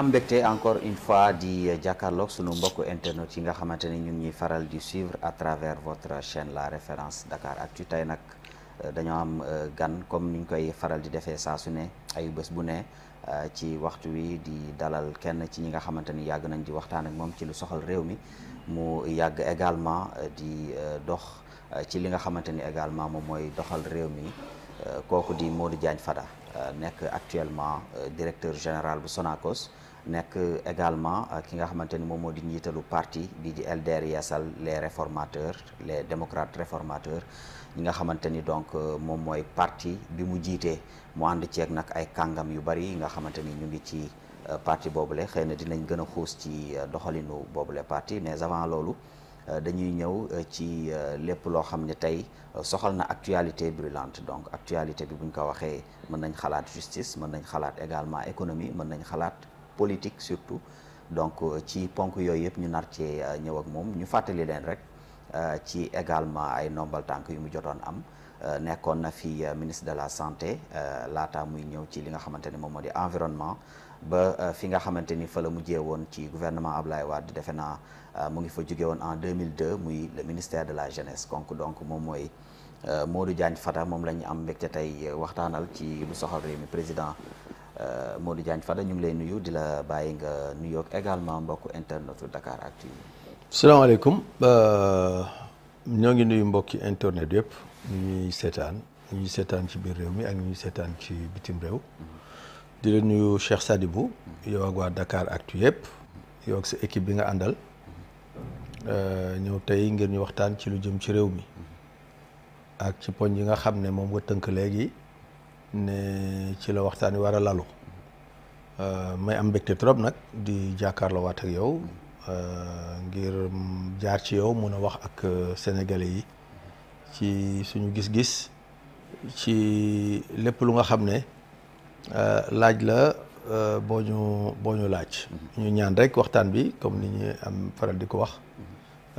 am mbégte encore une fois di jàkkarlook sunu mbokk internet yi nga xamante ni ñu ngi ñuy faral di suivre à travers votre chaîne la référence Dakaractu tey nag euh, dañoo am euh, gan comme niñ koy faral di defee saa su ne ay bés bu ne euh, ci waxtu wi di dalal kenn ci ñi nga xamante ni yàgg nañ di waxtaan ak moom ci lu soxal réew mi mu yàgg également di dox ci li nga xamante ni également moom mooy doxal réew mi kooku di di Diagne Fada nekk actuellement directeur général bu Sonacos nekk également euh, ki nga xamante ni moom moo di njiitalu parti bi di LDR Yeesal les réformateurs les démocrates réformateurs ñi nga xamante ni donc euh, moom mooy parti bi mu jiitee mu ànd ceeg nag ay kàngam yu bari yi nga xamante ni ñu ngi ci euh, parti boobule xëy na dinañ gën a xuus ci doxalinu boobule parti mais avant loolu dañuy ñëw ci lépp loo xam ne tey soxal na actualité brûlante donc actualité bi buñ ko waxee mën nañ xalaat justice mën nañ xalaat également économie mën nañ xalaat politique surtout donc euh, ci ponk yooyu yëpp ñu nar cee euh, ñëw ak moom ñu fàttali leen rek euh, ci également ay ndombal tànk yu mu jotoon am nekkoon na fi ministre de la santé laata muy ñëw ci li nga xamante ni moom moo di environnement ba fi nga xamante ni fa la mujjee woon ci gouvernement Ablaye Wade defe naa mu ngi fa jóge woon en 2002 muy le ministère de la jeunesse konk donc moom mooy Modou Diagne fata moom la ñu am mbégte tey waxtaanal ci lu soxal réew mi président Euh, Modou Diagne Fada ñu ngi lay nuyu di la bàyyi nga nuyoog également internet internetu Dakaractu. salaamaaleykum euh, ñoo ngi nuyu mbokki internet yëpp ñu ñuy seetaan ñu ñuy seetaan ci biir réew mi ak ñu ñuy seetaan ci bitim réew. Mm-hmm. di la nuyu Cheikh Sadibou. yow ak waa Dakaractu yëpp. yow ak sa équipe bi nga àndal. Mm-hmm. Euh, ñëw tey ngir ñu waxtaan ci lu jëm ci réew mi. Mm-hmm. ak ci poñ yi nga xam ne moom nga tënk léegi. ne ci la waxtaan wi war a lalu euh, may am mbégte trop nag di jàkkaarloo waat ak yow euh, ngir jaar ci yow mun a wax ak euh, sénégalais yi ci suñu gis-gis ci lépp lu nga xam ne laaj la boo ñu boo ñu laaj. Mm-hmm. ñu ñaan rek waxtaan bi comme ni ñuy am faral di ko wax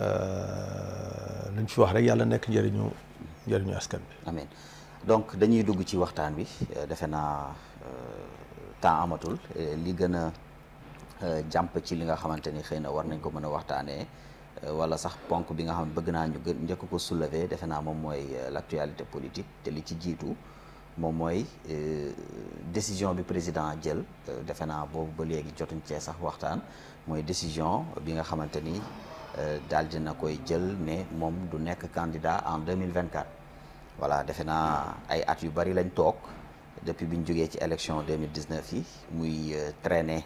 mm-hmm. luñ fi wax rek yàlla nekk njëriñu njëriñu askan bi. donc dañuy dugg ci waxtaan bi euh, defe naa euh, temps amatul euh, li gën a jàmp ci li nga xamante ni xëy na war nañ ko mën a waxtaanee wala sax ponk bi nga xam bëgg naa ñu gën njëkk ko soulever defe naa moom mooy l'actualité politique te li ci jiitu moom mooy décision bi président jël defe naa boobu ba léegi jotuñ cee sax waxtaan mooy décision bi nga xamante ni daal dina koy jël ne moom du nekk candidat en 2024 voilà defe naa ay at yu bari lañ tok depuis bi ñu ci élection 2019 yi muy euh, traîner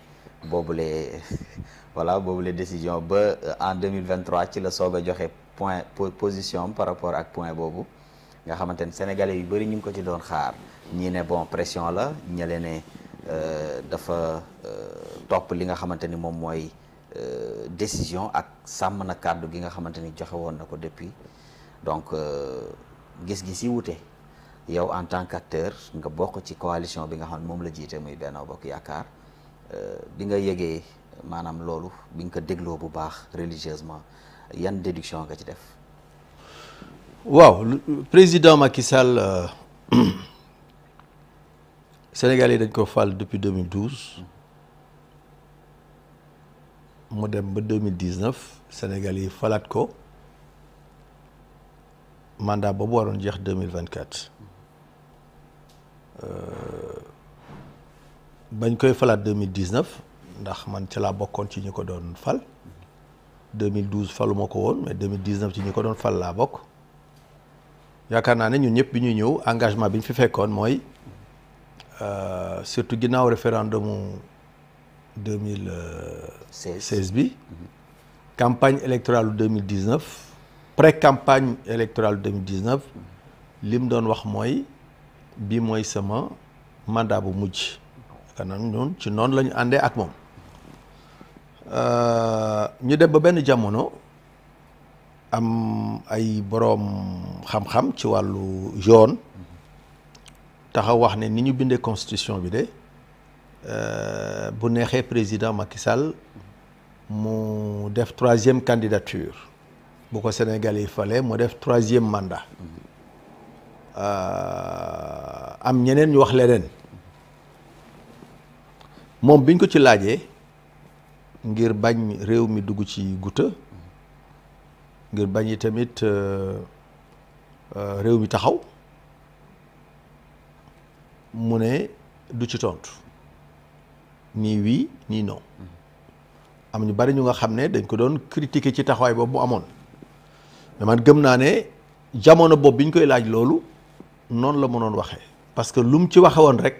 bobulé voilà bobulé décision ba euh, en 2023 ci la soga joxé point position par rapport ak point bobu nga xamante sénégalais yu bari ñu ko ci doon xaar ñi né bon pression la né euh, dafa euh, top li nga xamante mom moy euh, décision ak sàmm na kàddu gi nga xamante ni joxe depuis donc. gis-gis yi wute yow en tant qu'acteur nga bokk ci coalition bi nga xam ne moom la jiite muy Benno Bokk Yaakaar euh, bi nga yëgee maanaam loolu bi nga ko dégloo bu baax religieusement yan déduction nga ci def. waaw président Macky Sall euh, Sénégal yi dañ ko fal depuis 2012 mu dem ba 2019 Sénégal yi falaat ko. mandat boobu jeex 2024 euh, bañ koy falaat 2019 ndax man ci laa bokkoon ci ñu ko fal 2012 falu ko mais 2019 ci ñu ko doon fal laa bokk yaakaar naa ne ñun ñëpp bi fait, ñëw engagement bi ñu fi y a euh, surtout ginnaaw référendum 2016 bi campagne électorale 2019 pré-campagne électorale 2019 Lim doon wax bi mandat bu mujj que ñun ci la euh, jamono am ay borom xam-xam ci walu jaune taxaw wax ni ñu constitution bi de euh, bu président Macky Sall troisième candidature bu il Sénégalais fallait troisième mandat euh, am ñeneen ñu wax biñ ko ci ngir bañ réew mi ci guta ngir bañ tamit euh, euh, réew mi taxaw mu du ci tontu Ni oui ni non am ñu bari ñu nga critiquer ci man gëm naa ne jamono boobu bi ñu koy laaj loolu noonu la mënoon waxee parce que lu mu ci waxe woon rek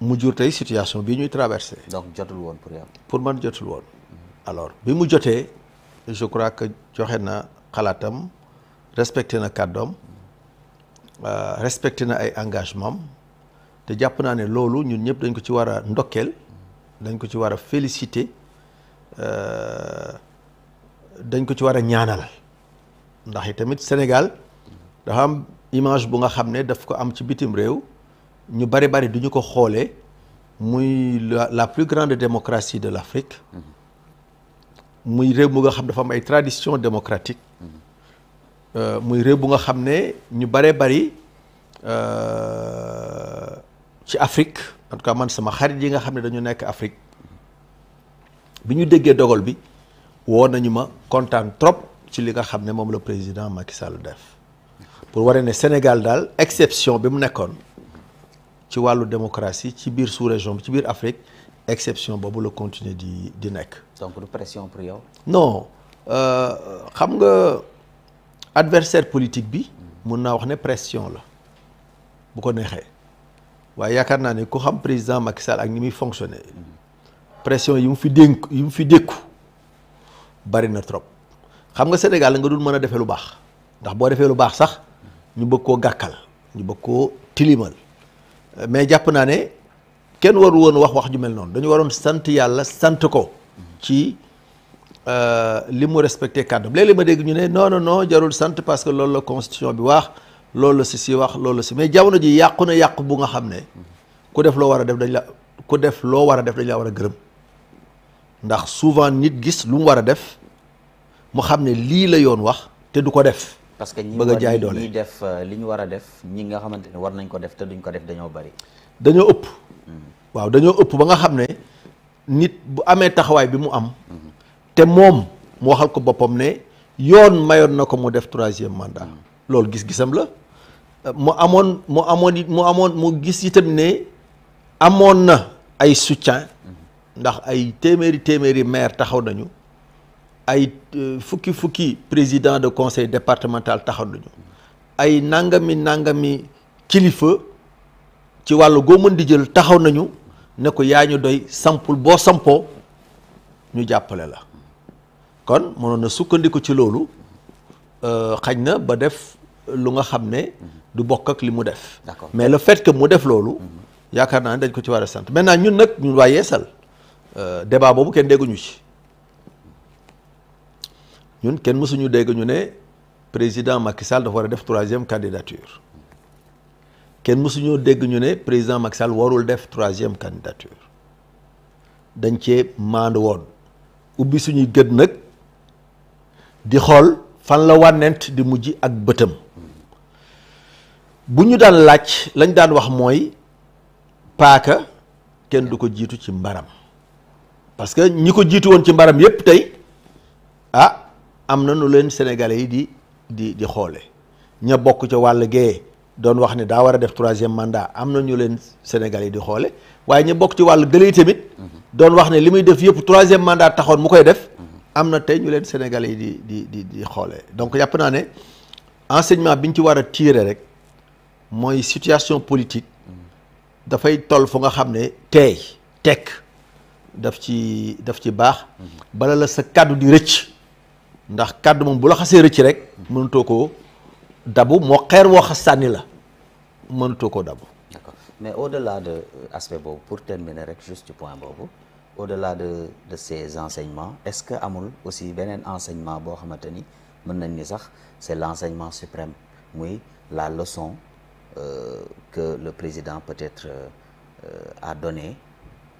mu jur tey situation bi ñuy traversé. donc jotul woon pour yow. pour man jotul woon. alors bi mu jotee je crois que joxe na xalaatam respecté na kàddoom euh, respecté na ay engagement te jàpp naa ne loolu ñun ñëpp dañ ko ci war a ndokkeel dañ ko ci war a félicité. Euh, dañ ko ci wara ñaanal ndax itamit Sénégal da am image bu nga xam daf ko am ci bitim rew ñu bari bari du ko xolé muy la plus grande démocratie de l'Afrique muy rew mu nga xam dafa am ay tradition démocratique euh, muy rew bu nga xam ñu bari bari euh, ci Afrique en tout cas man sama xarit yi nga xam dañu nekk Afrique biñu déggé bi woo nañu ma trop ci li nga xam ne moom président Macky Sall def pour waree né Sénégal d'al exception bi mu nékkone ci walu démocratie ci biir sous-région ci biir Afrique exception bobu le continuer di di nek. donc du pression pour yow. non euh, xam nga adversaire politique bi mun na wax né pression la bu ko neexee waaye yakarna né ko xam président Macky Sall ak ni mi fonctionner pression yi mu fi dénk yi mu fi dékku. bari na trop xam nga sénégal nga dul mën a defee lu baax ndax boo defee lu baax sax ñu bëgg koo gàkkal ñu bëgg koo tilimal mais jàpp naa ne kenn waru woon wax wax ju mel noonu dañu waroon sant yàlla sant ko ci euh, li mu respecté kàddu léeg-léeg ma dégg ñu ne non non non jarul sant parce que loolu la constitution bi wax loolu la si wax loolu la mais jamono ji yàqu na bu nga xam ku def loo war def dañ la ku def loo war def dañ la war gërëm ndax souvent nit gis lu mu war a def mu xam ne lii la yoon wax te du def parce que ñi bëgg jaay doole ñi def euh, li ñu war a def ñi nga xamante ne war nañ ko def te duñ ko def dañoo bari dañoo ëpp hmm. waaw dañoo ëpp ba nga xam nit bu amee taxawaay bi mu am te moom mu waxal ko boppam ne yoon mayoon na mu def troisième mandat hmm. loolu gis-gisam la mu amoon mu amoon mu amoon mu gis itam ne amoon na ay soutien ndax ay téméri un maire taxaw nañu ay euh, fukki fukki président de conseil départemental taxaw nañu ay nangami nangami kilifa ci walu go mën di jël taxaw nañu ne ko yañu doy sample sont sampo ñu jappalé la kon mënon na sukkandiku ci tu euh, na ba def lu nga xamné du ak def. mais le fait que mu def lolu yakarna dañ ko ci a maintenant ñun Euh, débat boobu kenn dégguñu ci ñun kenn mësuñu dégg ñu ne président Macky Sall dafa war a def troisième candidature kenn mësuñu dégg ñu ne président Macky Sall warul def troisième candidature dañ cee maandu woon ubbi suñuy gët nag di xool fan la wànnent di mujj ak bëtam bu ñu daan laaj lañ daan wax mooy paaka kenn du ko jiitu ci mbaram parce que ñi ko jiitu woon ci mbaram yépp tay ah amna na nu leen sénégalais yi di di di xolé ña bokk ci wàll gee doon wax ni da wara def 3 troisième mandat amna ñu leen sénégalais yi di xolé waye ña bokk ci wàll gële tamit doon wax ni limuy def yépp 3 troisième mandat taxone mu koy def amna tay ñu leen sénégalais yi di di di di xolé donc yapp na né enseignement biñ ci wara tirer rek moy situation politique fay toll fu nga xam ne teey daf ci daf ci baax bala la sa kàddu di rëcc ndax kàddu mom bu la xasse rëcc rek mënutoo koo dabu mo xeer wo xassani la mënutoo koo dabu mais au-delà de euh, aspect boobu pour terminer rek juste point bobu au-delà de de ces enseignements est-ce que amul aussi benen enseignement bo xamanteni ni mën nañ ni sax c'est l'enseignement suprême muy la leçon euh, que le président peut-être euh, euh a donné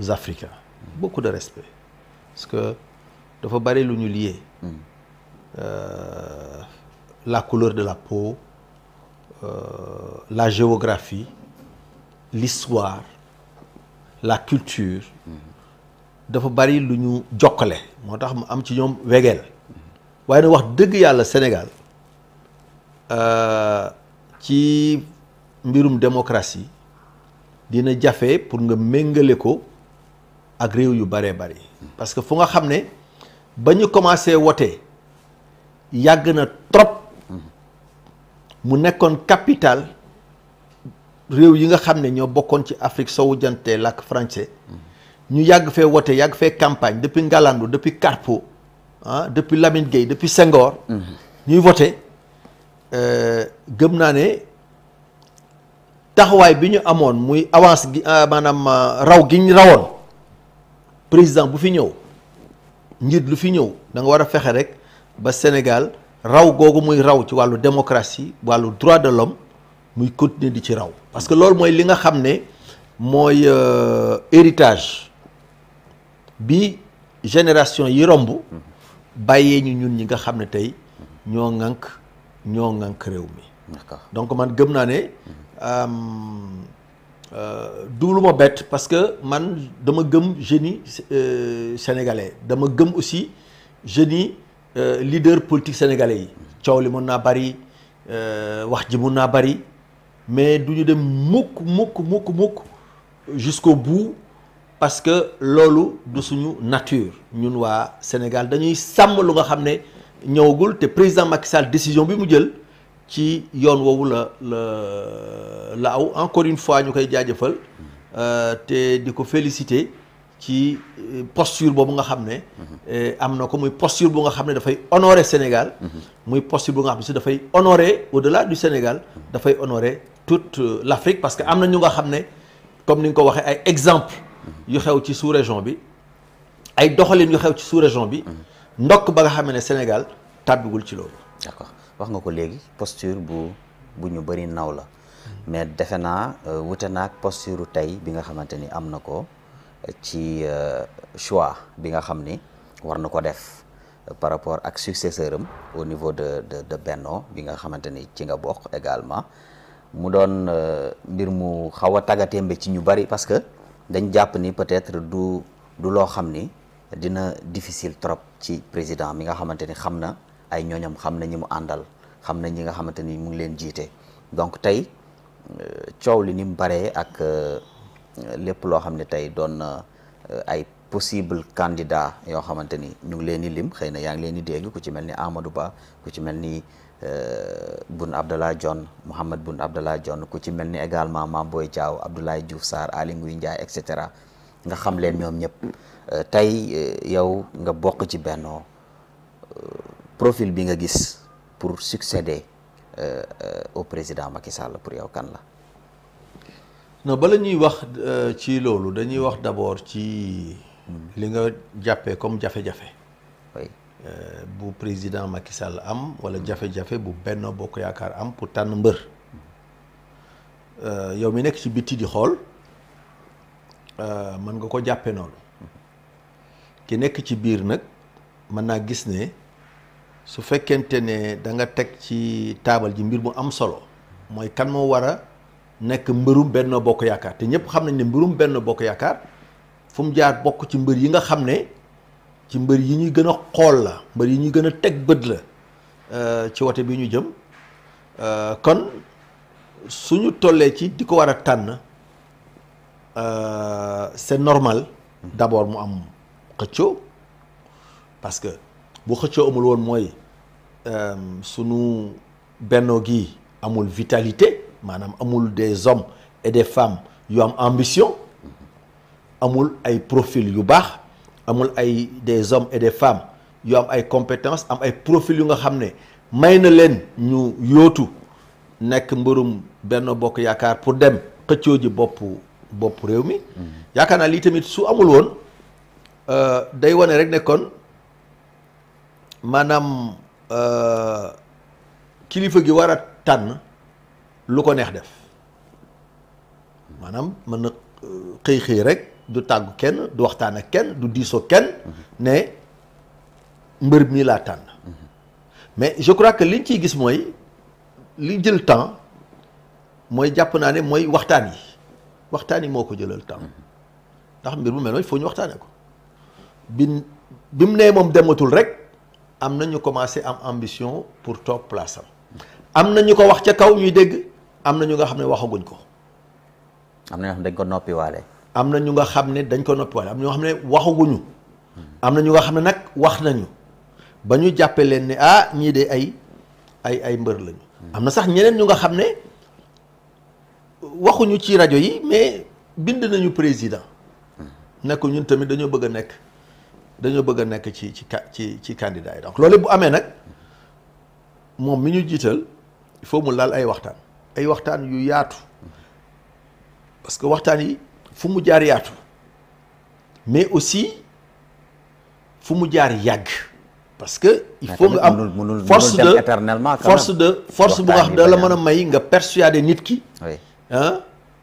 Africains beaucoup de respect parce que de bari barrer l'union liée. la couleur de la peau euh, la géographie l'histoire la culture hmm. dafa bari lu ñu jokkale moo tax mu am ci ñoom wegeel nous nag wax dëgg yàlla Sénégal est euh, Une démocratie dina fait pour nga méngale ko ak réew yu bëree bëri parce que fu nga xam ne ba ñu commencé wote yàgg na trop mu nekkoon capital réew yi nga xam ne ñoo bokkoon ci Afrique sowu jantee làkk français ñu yàgg fee wote yàgg fee campagne depuis Ngalandu depuis Carpo ah depuis Lamine Gueye depuis Senghor ñuy wote euh, gëm naa ne taxawaay bi ñu amoon muy avance gi euh, maanaam euh, raw gi ñu rawoon président bu fi ñew njiit lu fi ñew da nga wara fexé rek ba Sénégal raw googu muy raw ci walu démocratie walu droit de l'homme muy continuer di ci raw parce que lool moy li nga xamné moy euh, héritage bi génération yi rombu bayé ñu ñun ñi nga xamné tay tey ñoo ŋànk ñoo ŋànk réew mi. d'accord donc man gëm né mm-hmm. euh euh, duulu ma parce que man dama gëm génie euh, sénégalais dama gëm aussi génie euh, leader politique sénégalais yi coow li mën na bari wax ji bari mais d'où de dem mukk mukk mukk mukk jusqu'au bout parce que lolo du suñu nature ñun waa Sénégal dañuy sam lu nga xam ne ñëwagul te président Macky Sall décision bi mu jël ci yoon woowu la la la encore une fois ñukay koy folle euh, te diko féliciter ci euh, posture bobu nga xamné euh am ko muy posture bu nga xamné da fay honorer Sénégal muy posture bu nga xamné da fay honorer au-delà du Sénégal fay honorer toute euh, l'Afrique parce que amna ñu nga xamné comme ni nga ay exemple yu xew ci sous-région bi ay doxalin yu xew ci sous-région bi ndok ba nga xamné Sénégal tàbbiwul ci lolu d'accord wax nga ko léegi posture bu bu ñu bëri naw la mais defe naa euh, wute naag posture tey bi nga xamante ni am na ko euh, ci euh, choix bi nga xam ni war na ko def par rapport ak successeur am au niveau de de de Benno bi nga xamante ni ci nga bokk également mu doon mbir mu xaw a tàggatémbe ci ñu bari parce que dañ jàpp ni peut-être du du loo xam ni dina difficile trop ci président mi nga xamante ni xam na ay ñooñam xam nañu mu àndal xam na ñi nga xamante ni mu ngi leen jiite donc tey euh, coow li ni mu baree ak euh, lépp loo xam ne tey doon na euh, ay possible candidat yoo xamante ni ñu ngi leen di lim xëy na yaa ngi leen di dégg ku ci mel ni Amadou Ba ku ci mel ni Boun Abdallah Dionne Mahammed Boun Abdallah Dionne ku ci mel ni également Mame Boye Diao Abdoulaye Diouf Sarr Aly Ngouille Ndiaye et nga xam leen ñoom ñëpp tey yow nga bokk ci Benno profil bi nga gis pour succéder euh, euh, au président Macky Sall pour yow kan la non bala ñuy wax euh, ci loolu dañuy wax d'abord ci li nga jàppee comme jafe oui bu président Macky Sall am wala jafe-jafe bu benn bokk yaakaar am pour tànn mbër yow mi nekk ci bitti di xool mën nga ko jàppe noonu ki nekk ci gis ne su fekkente ne da nga teg ci taabal ji mbir mu am solo mooy kan moo war a nekk mbërum Benno Bokk Yaakaar te ñëpp xam nañ ne mbërum Benno Bokk Yaakaar fu mu jaar bokk ci mbir yi nga xam ne ci mbër yi ñuy gën a xool la mbër yi ñuy gën a teg bët la euh, ci wote bi ñu jëm euh, kon suñu tollee ci di ko war a tànn euh, c'est normal d'abord mu am xëccoo parce bu xëccoo amul woon mooy euh, sunu bennoo gi amul vitalité manam amul des hommes et des femmes yu am ambition amul ay profil yu baax amul ay des hommes et des femmes yu am ay compétences am ay profil yu nga xam ne may na leen ñu yootu nekk mbërum Benno Bokk Yaakaar pour dem xëccoo ji bopp bopp réew mi mm-hmm. yaakaar tamit su amul euh, day rek kon manam euh, kilifa gi war tan tànn lu ko neex def manam mën euh, xey xey rek du tàggu kenn du waxtana ak kenn du diso kenn ne mbeur mi la tan mais je crois que liñ ci gis moy li jël temps moy jàpp naa ne mooy waxtaan yi waxtaan jëlal temps ndax mbir bu mel noonu il faut ñu waxtaanee ko bin bim ne mom dematul rek. am na ñu commencé am ambition pour topp place am am na ñu ko wax ca kaw ñuy dégg am na ñu nga xam ne waxaguñ ko. am na dañ ko noppiwaale. am na ñu nga xam ne dañ ko noppiwaale am na ñoo xam ne waxaguñu. am na ñu nga xam ne nag wax nañu ba ñu jàppee leen ne ah ñii de ay ay ay mbër lañu. am na sax ñeneen ñu nga xam ne waxuñu ci rajo yi mais bind nañu président. Hmm. nekk ñun tamit dañoo bëgg a nekk. dañoo bëgg a nekk ci ci ci ci candidat yi donc loolu bu amee nag moom mi ñu jiital il faut mu laal ay waxtaan ay waxtaan yu yaatu parce que waxtaan yi fu mu jaar yaatu mais aussi fu mu jaar yàgg parce que il faut nga am force de force de force bu nga xam da la mën a may nga persuader nit ki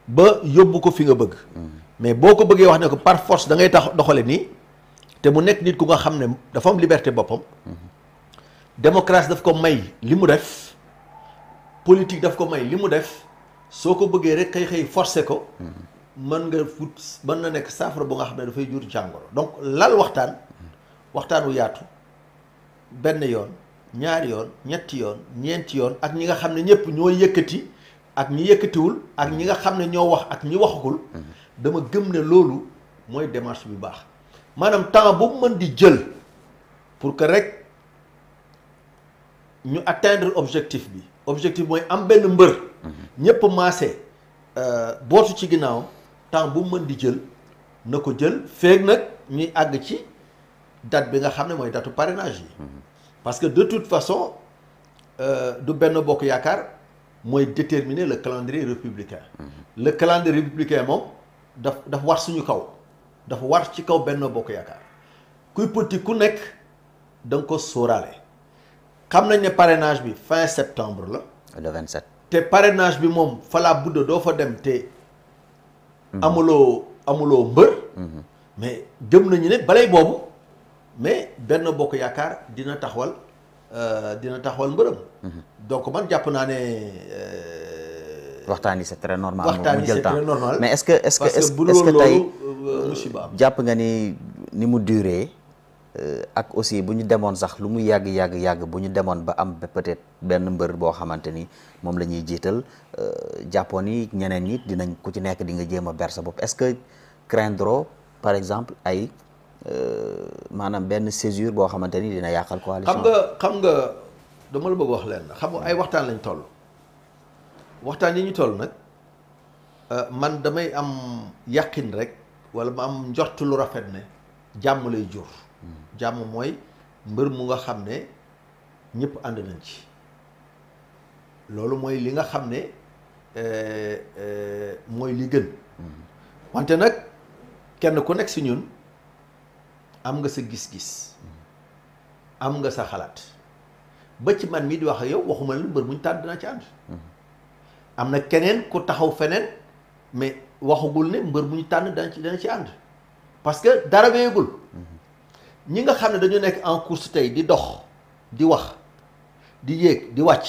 ba yóbbu ko fi nga bëgg mm. mais boo ko bëggee wax ne ko par force da ngay tax doxale nii te mu nekk nit ku nga xam ne dafa am liberté boppam démocratie daf ko may li mu def politique daf ko may li mu def soo ko bëggee rek xëy xëy forcé ko mën nga fut mën na nekk saafara bu nga xam ne dafay jur jàngoro donc lal waxtaan waxtaanu yaatu benn yoon ñaari yoon ñetti yoon ñeenti yoon ak ñi nga xam ne ñëpp ñoo yëkkati ak ñi yëkkatiwul ak ñi nga xam ne ñoo wax ak ñi waxagul mm-hmm. dama gëm ne loolu mooy démarche bi baax manam temps bu mën di pour que rek ñu atteindre l'objectif, bi objectif mooy am benn mbër ñépp Nous euh, bootu ci ginnaaw temps bu mën di jël na ko jël feeg nag ci date bi nga parrainage mhm. parce que de toute façon euh, du benn bokk déterminer le calendrier républicain mhm. le calendrier républicain moom daf daf war suñu kaw dafa war ci kaw benn Bokk Yaakaar kuy politique ku nekk da nga ko sóoraale xam nañ ne parrainage bi fin septembre la. le 27. te parrainage bi moom falaa budda doo fa dem te. Mhm. amuloo amuloo mbër. Mhm. mais jëm nañu ne balay boobu mais benn Bokk Yaakaar dina taxawal euh, dina taxawal mbërëm. Mhm. donc man jàpp naa ne. Euh, Waktu c'est très normal mu jël temps mais est-ce que est-ce que est-ce que tey jàpp nga ni ni mu duré eh, ak aussi bu ñu demoon sax lu mu yàgg yàgg yàgg bu ñu demoon ba am peut-être benn mbër boo xamante ni moom la ñuy jiital eh, jàppoon yi ñeneen ñi dinañ ku ci nekk di nga jéem a ber sa bopp est-ce que craindre par exemple ay eh, maanaam benn césure boo xamante ni dina yàqal coalition xam nga xam nga dama la bëgg wax xam nga ay waxtaan lañ toll. waxtaan yi ñu toll nag euh, man damay am yàqin rek wala ma am njort lu rafet ne jàmm lay jur. Hmm. jàmm mooy mbër mu nga xam ne ñëpp ànd nañ ci loolu mooy li nga xam ne euh, euh, mooy li gën. Hmm. wante nag kenn ku nekk si ñun am nga sa gis-gis hmm. am nga sa xalaat ba ci man mii di wax ak yow waxuma la mbër muñ tànn dinaa ci ànd. am kenen keneen ku taxaw feneen mais waxagul ne mbër mu ñu tànn dana ci dana ci ànd parce que dara wéyagul ñi nga xam ne dañu nekk en course tey di dox di wax di yek di wàcc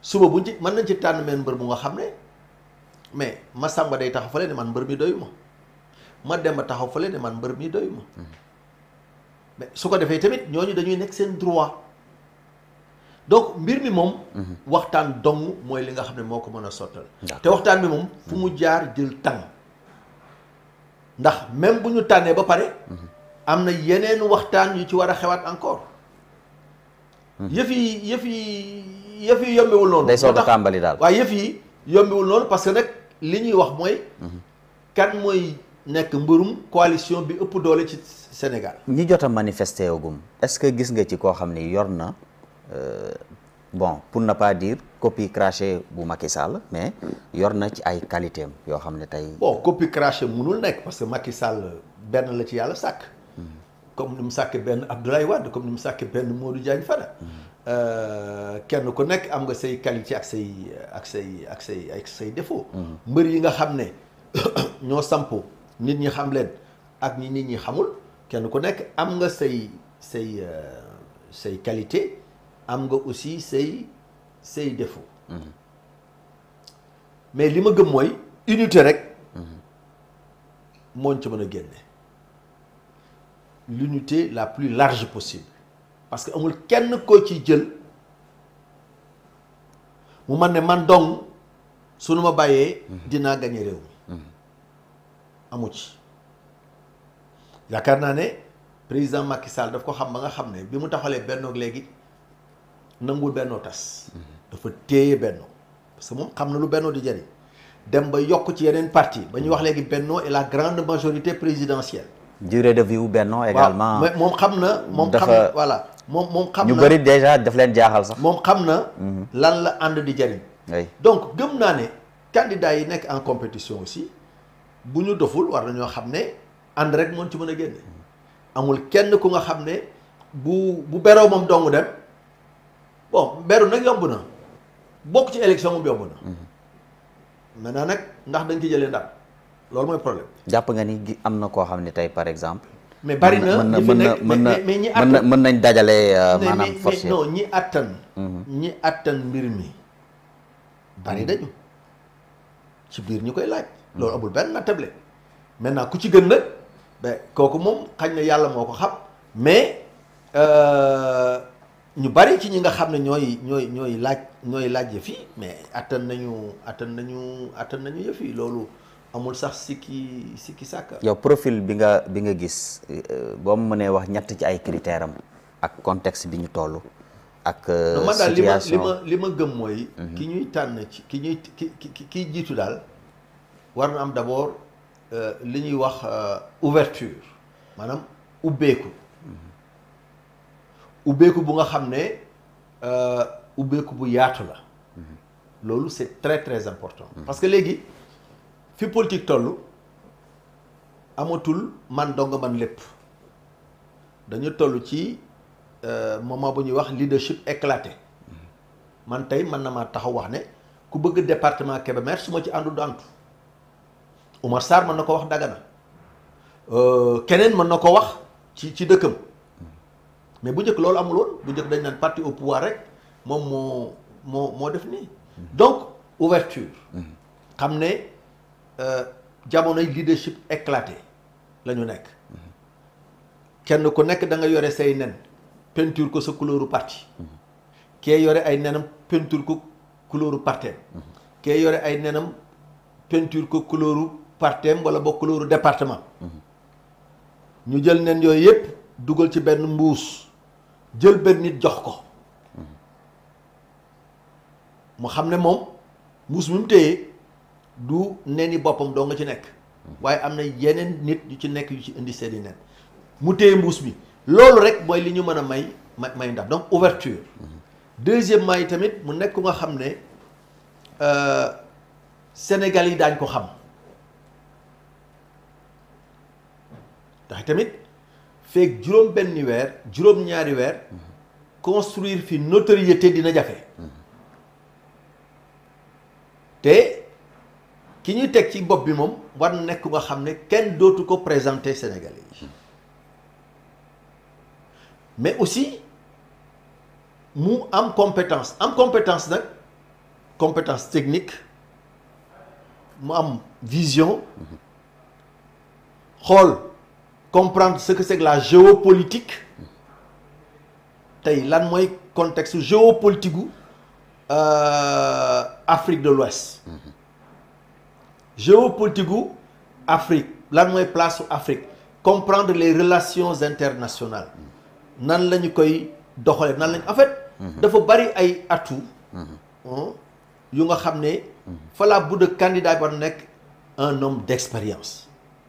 suba buñ ci mën nañ ci tànn meen mbër mu nga xam ne mais ma sàmba day taxaw fale ne man mbër mi doyu ma ma taxaw fale ne man mbër mi doyu ma mm-hmm. mais su ko defee tamit ñooñu dañuy nekk seen droit donc mbir mi moom. Mhm. waxtaan dong mooy li nga xam ne moo ko mën a sottal. te waxtaan bi moom fu mu mhm. jaar jël tànn ndax même bu ñu tànnee ba pare. Mhm. am na yeneen waxtaan yu ci war a xewaat encore. yëf yi yëf yi yëf yi yombiwul noonu. day soog a tàmbali daal waaye yëf yi yombiwul noonu parce que nag li ñuy wax mooy. kan mooy nekk mbërum coalition bi ëpp doole ci Sénégal. ñi jot a manifesté wagum ce que gis nga ci koo xam ne yor na. Euh, bon pour ne pas dire copie crachée bu Macky Sall mais yor na ci ay qualité yo xamné tay bon copie crachée mënul nek parce que Macky Sall ben la ci Yalla sak comme nous sak Ben Abdoulaye Wade comme nous sak Ben Modou Diagne euh kenn ko nek am nga say qualité ak say ak say ak say ak say défaut. mbeur yi nga xamné ne ñoo sampo nit ñi xam leen ak ñi nit ñi xamul kenn ko nek am nga say say euh, say qualité am nga aussi say say défaut mhm. mais li ma gëm mooy unité rek mhm. mon ci l'unité la plus large possible parce que amul kenn ko ci jël mu man ne man dong sunuma ma mhm. dina gagner gañe amu ci président Macky Sall daf ko xam ba nga xamné bi mu taxalé légui nanguwul benno tas dafa téye benno parce que mom xamna lu benno di jari dem ba yok ci yenen parti ba ñu wax légui benno et la grande majorité présidentielle durée de vie wu bennoo également mom xamna mom xamna voilà mom mom xamna na ñu bëri déjà daf leen jaaxal sax mom xamna na mhm. lan la and di jari donc gëm naa ne candidats yi nek en compétition aussi bu ñu doful war nañoo xamné and rek mo ci mëna a mhm. amul kenn ku nga xamné bu bu béro mom dongu dem bon beru nag yomb na bokk ci élection moom yomb na. Mhm. maintenant nag ndax dañ ci jëlee ndam loolu mooy problème. jàpp nga ni gi am na koo xam ne tey par exemple. mais bari na ñi fi nekk mën na mën mën nañ dajale euh, maanaam force non ñi attan mhm. ñi attan mbir mi bari dañu mhm. ci biir ñi koy laaj loolu amul benn na table maintenant ku ci gën nag kooku moom xañ na yàlla moo ko xam mais euh, ñu bari ci ñi nga xam ne ñooy ñooy ñooy laaj ñooy laaj yëf yi mais attan nañu attan nañu attan nañu loolu amul sax sikki sikki sàkk. yow profil bi nga bi nga gis euh, boo mu mënee wax ñett ci ay critères am ak contexte bi ñu toll ak. Euh, man daal li ma li ma gëm mooy. Mhm. ki ñuy tànn ci ki ñuy ki kiy jiitu daal war na am d'abord euh, li ñuy wax ouverture maanaam ubbeeku. ubbeeku bu nga xam ne euh, ubbeeku bu yaatu la mm-hmm. loolu c'est très très important mm-hmm. parce que léegi fi politique toll amatul man dong man lépp dañu toll ci euh, moment bu ñuy wax leadership éclaté mm-hmm. man tey mën na maa taxaw wax ne ku bëgg département Kébémer su ma ci àndu du antu Oumar Sarr mën na ko wax Dagana euh, keneen mën na ko wax ci ci dëkkam mais bu njëkk loolu amul won bu njëkk dañ nan parti au pouvoir rek mom mo mo mo def ni mhm. donc ouverture mhm. xam euh jamono leadership éclaté lañu nek nekk mhm. kenn ku nek da nga yoré say nen peinture ko sa couleur parti kee yoré ay nenam peinture ko couleur parti kee yoré ay nenam peinture ko couleur parti wala bok couleur département ñu jël nen yooyu yëpp dugal ci benn mbuus jël benn nit jox ko mu xam ne moom mbuus mi mu téye du neni boppam doo nga ci nekk waaye am na yeneen nit yu ci nekk yu ci indi seeni nen mu téye mbuus mi loolu rek mooy li ñu mën a may may ndax donc ouverture deuxièmement yi tamit mu nekk nga xam ne euh, Sénégal yi daañ ko xam ndax tamit feeg ben ni weer juróom ñaari weer construire fi notoriété dina jafé té ki ñu teg ci bopp bi mom war na nekk nga xamné ne kenn dootu ko présenter Sénégalais mais aussi mu am compétence am compétence nak compétence technique mu am vision xool comprendre ce que c'est que la géopolitique tey le contexte géopolitique euh, Afrique de l'Ouest mm-hmm. géopolitique Afrique la place Afrique comprendre les relations internationales mm-hmm. nan la koy nan en fait Il mm-hmm. bari ay atout hein, yu nga xam ne fa la de candidat ba un homme d'expérience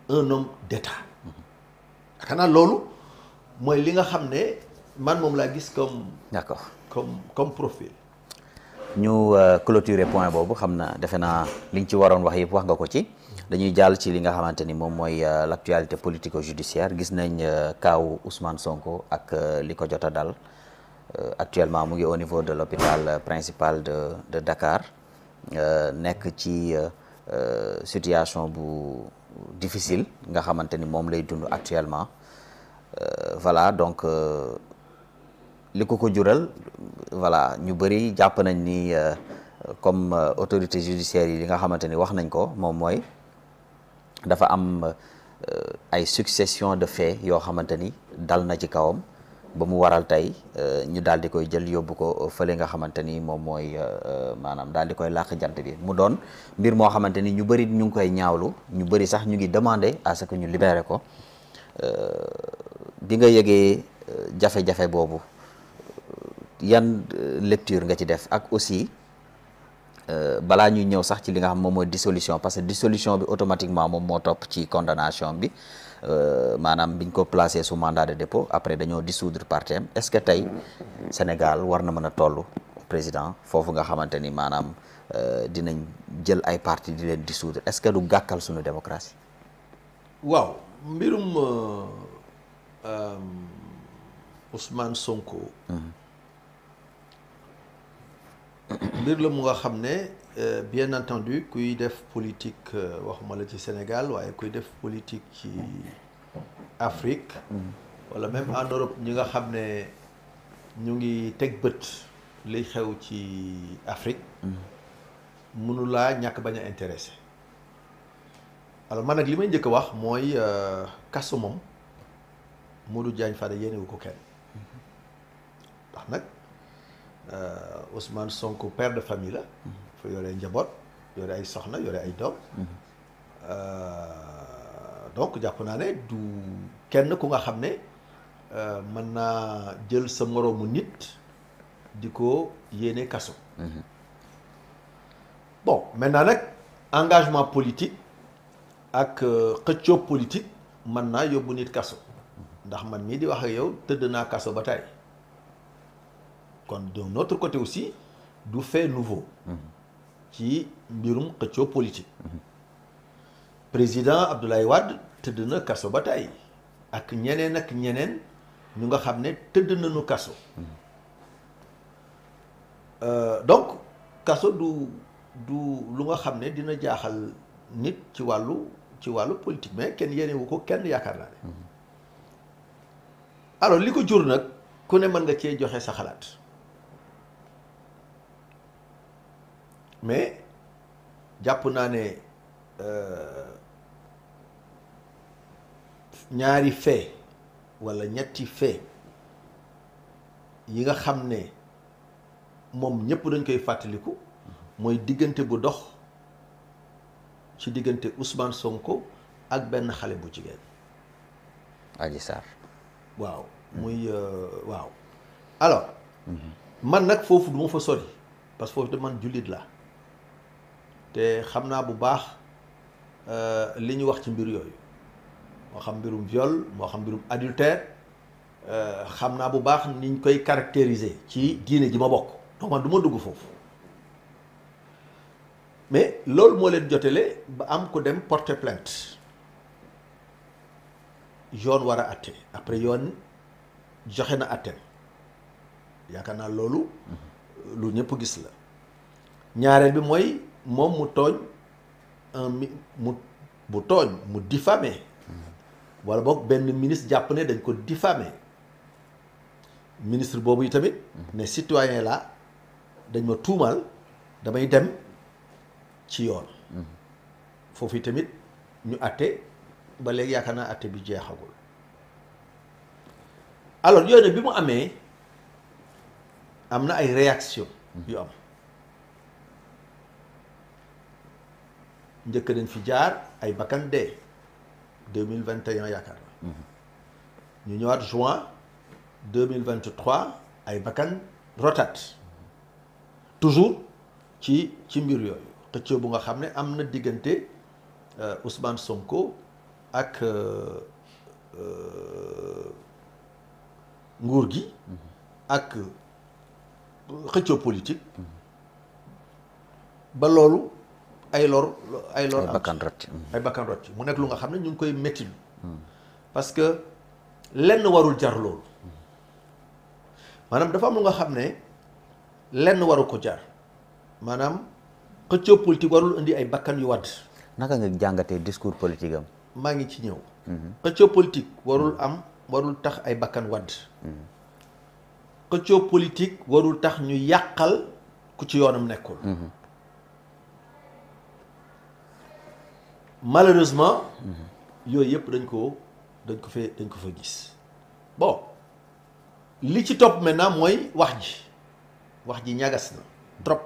un homme d'état xanaa loolu mooy li nga comme. d'accord comme comme profil. ñu euh, clôturer point l'actualité politico-judiciaire euh, Ousmane Sonko ak euh, actuellement ngi au niveau de l'hôpital principal de de Dakar avons une situation difficile nga xamante actuellement Euh, voilà donc euh, li ko ko jural voilà ñu bëri jàpp nañ ni euh, comme autorité judiciaire yi li nga xamante ni wax nañ ko moom mooy dafa am ay succession de faits yoo xamante ni dal na ci kawam ba mu waral tey ñu daal di koy jël yóbbu ko fële nga xamante ni moom mooy maanaam daal di koy làq jant bi mu doon mbir moo xamante ni ñu bëri ñu ngi koy ñaawlu ñu bëri sax ñu ngi demander à ce que ñu libéré ko bi nga yëgee euh, jafe-jafe boobu yan euh, lecture nga ci def ak aussi euh, balaa ñuy ñëw sax ci li nga xam moom mooy dissolution parce que dissolution bi automatiquement moom moo topp ci condamnation bi maanaam biñ ko placé su mandat de dépôt après dañoo dissoudre partem est-ce que tey Sénégal war na mën a toll président foofu nga xamante ni maanaam dinañ jël ay parti di leen dissoudre est-ce que du gàkkal suñu démocratie waaw Euh, Ousmane Sonko. Je uh-huh. euh, bien entendu qui def politique du Sénégal kuy def politique en euh, Afrique. Uh-huh. même en Europe nous nga Afrique. Uh-huh. intéressé alors je que que wax Modou Diagne Fada yéene wuko ken tax nak euh Ousmane Sonko père de famille la. fa yoré njabot yoré ay soxna yoré ay euh donc jàpp naa ne du kenn ku nga xamné euh mën naa jël sa moroomu nit diko ko kasso kaso. bon maintenant nag engagement politique ak euh, xëccoo politique man na yóbbu nit kaso ndax man mii di wax ak yow tëdd naa kaso kon côté aussi du fait nouveau ci mbirum xëccoo politique président Abdoulaye Wad, tëdd na kaso ba ak ñeneen ak ñeneen ñu nga xam ne euh, donc kaso du du lu nga xam dina jaaxal nit ci politique mais kenn ko kenn yaakaar alors li ko jur nag ku ne mën nga cee joxe sa xalaat mais jàpp naa ne euh, ñaari fee walla ñetti fee yi nga xam ne moom ñépp dañ koy fàttaliku mooy diggante bu dox ci diggante Ousmane Sonko ak benn xale bu jigéen Adji Waouh, hmm. muy euh, waaw alors je hmm. nag foofu parce que je demande du lit. là. te sais que bu gens euh, li Je wax ci viol y xam mbirum adultère Je sais que je niñ koy caractériser ci ji ma ont donc man mais ce moo porter plainte yoon war a atte après yoon joxe na atte yaakaar naa loolu mhm. lu ñëpp gis la ñaareel bi mooy moom mu tooñ mu bu tooñ mu diffamé mhm. walla boog benn ministre jàpp ne dañ ko diffamé ministre boobu yi tamit mhm. ne citoyen la dañ ma tuumal damay dem ci yoon foofu yi tamit ñu atte ba léegi yaakaar naa atte bi jeexagul alors yooyu ne bi mu amee am ay réaction yu am njëkk nañ fi jaar ay bakan dé 2021 mille vingt mhm. ñu ñëwaat juin 2023 ay bakan rotat toujours ci ci mbir yooyu xëccoo bu nga xamné amna digënté na euh, Ousmane Sonko. ak euh, euh, nguur gi mhm. ak euh, xëccoo politique mhm. ba loolu ay lor ay lor ay bakkan rocc mhm. ay bakkan rocc mu nekk lu nga xam ne ñu ngi koy métti parce que lenn warul jar loolu maanaam dafa am lu nga xam ne lenn waru ko jar maanaam xëccoo politique warul indi ay bakkan yu wadd naka nga jàngatee discours politique am maa ngi ci ñëw mhm. xëccoo politique warul am warul tax ay bakkan wadd mhm. xëccoo politique warul tax ñu yàqal ku ci yoonam nekkul mhm. malheureusement yooyu yëpp dañ ko dañ ko fee dañ ko fa gis bo li ci topp maintenant mooy wax ji wax ji ñagas na trop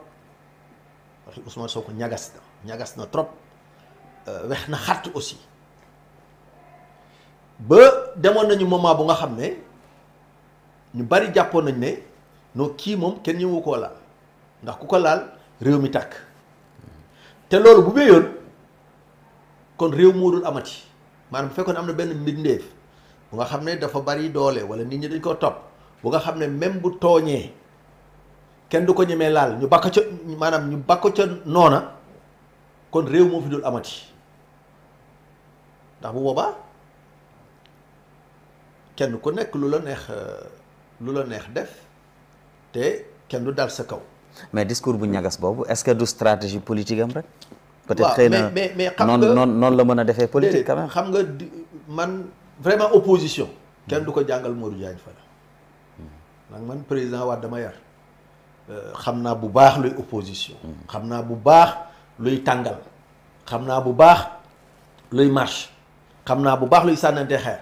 waxi Ousmane Sonko ñagas na ñagas na trop euh, wex na xart aussi ba demoon nañu moment bu nga xam ne ñu bari jàppoon nañ ne non kii moom kenn ñëwu koo laal ndax ku ko laal réew mi tàkk te loolu bu wéyoon kon réew moo dul amati maanaam bu fekkoon am na benn mbindeef bu nga xam ne dafa bari doole wala nit ñi dañ ko topp bu nga xam ne même bu tooñee kenn du ko ñemee laal ñu bakk ca maanaam ñu bakk ca noona kon réew moo fi dul amati ndax bu boobaa. kenn ku nekk lu la neex euh, lu la neex def te kenn du dal sa kaw. mais discours bu ñagas boobu est-ce que du stratégie politique am rek. peut-être xëy na mais mais xam nga noonu noonu la mën a defee politique quand xam nga man vraiment opposition. kenn du ko jàngal Modou Diagne Fada. Hmm. nag man président Wade dama yar. Euh, xam naa bu baax luy opposition. xam naa bu baax luy tàngal. xam naa bu baax luy marche. xam naa bu baax luy sànnante xeer.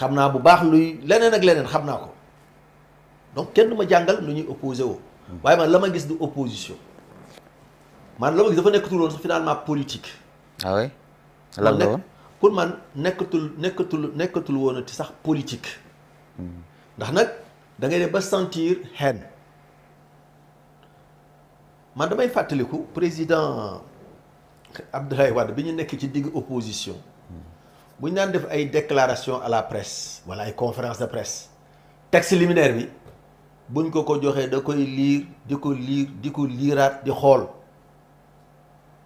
xamna bu baax luy leneen ak leneen xamna ko donc kenn du ma jàngal lu ñuy opposé wo waaye man la ma gis du opposition man la ma gis dafa nekkatul woon sax finalement politique ah oui lan la woon pour man nekkatul nekkatul nekkatul woonati sax politique ndax nag da ngay dem ba sentir haine man damay fàttaliku président Abdoulaye Wade bi ñu nekk ci digg opposition buñ nan def ay déclaration à la presse wala ay conférence de presse texte liminaire bi buñ ko ko joxé da koy lire di ko lire, di ko liiraat di xol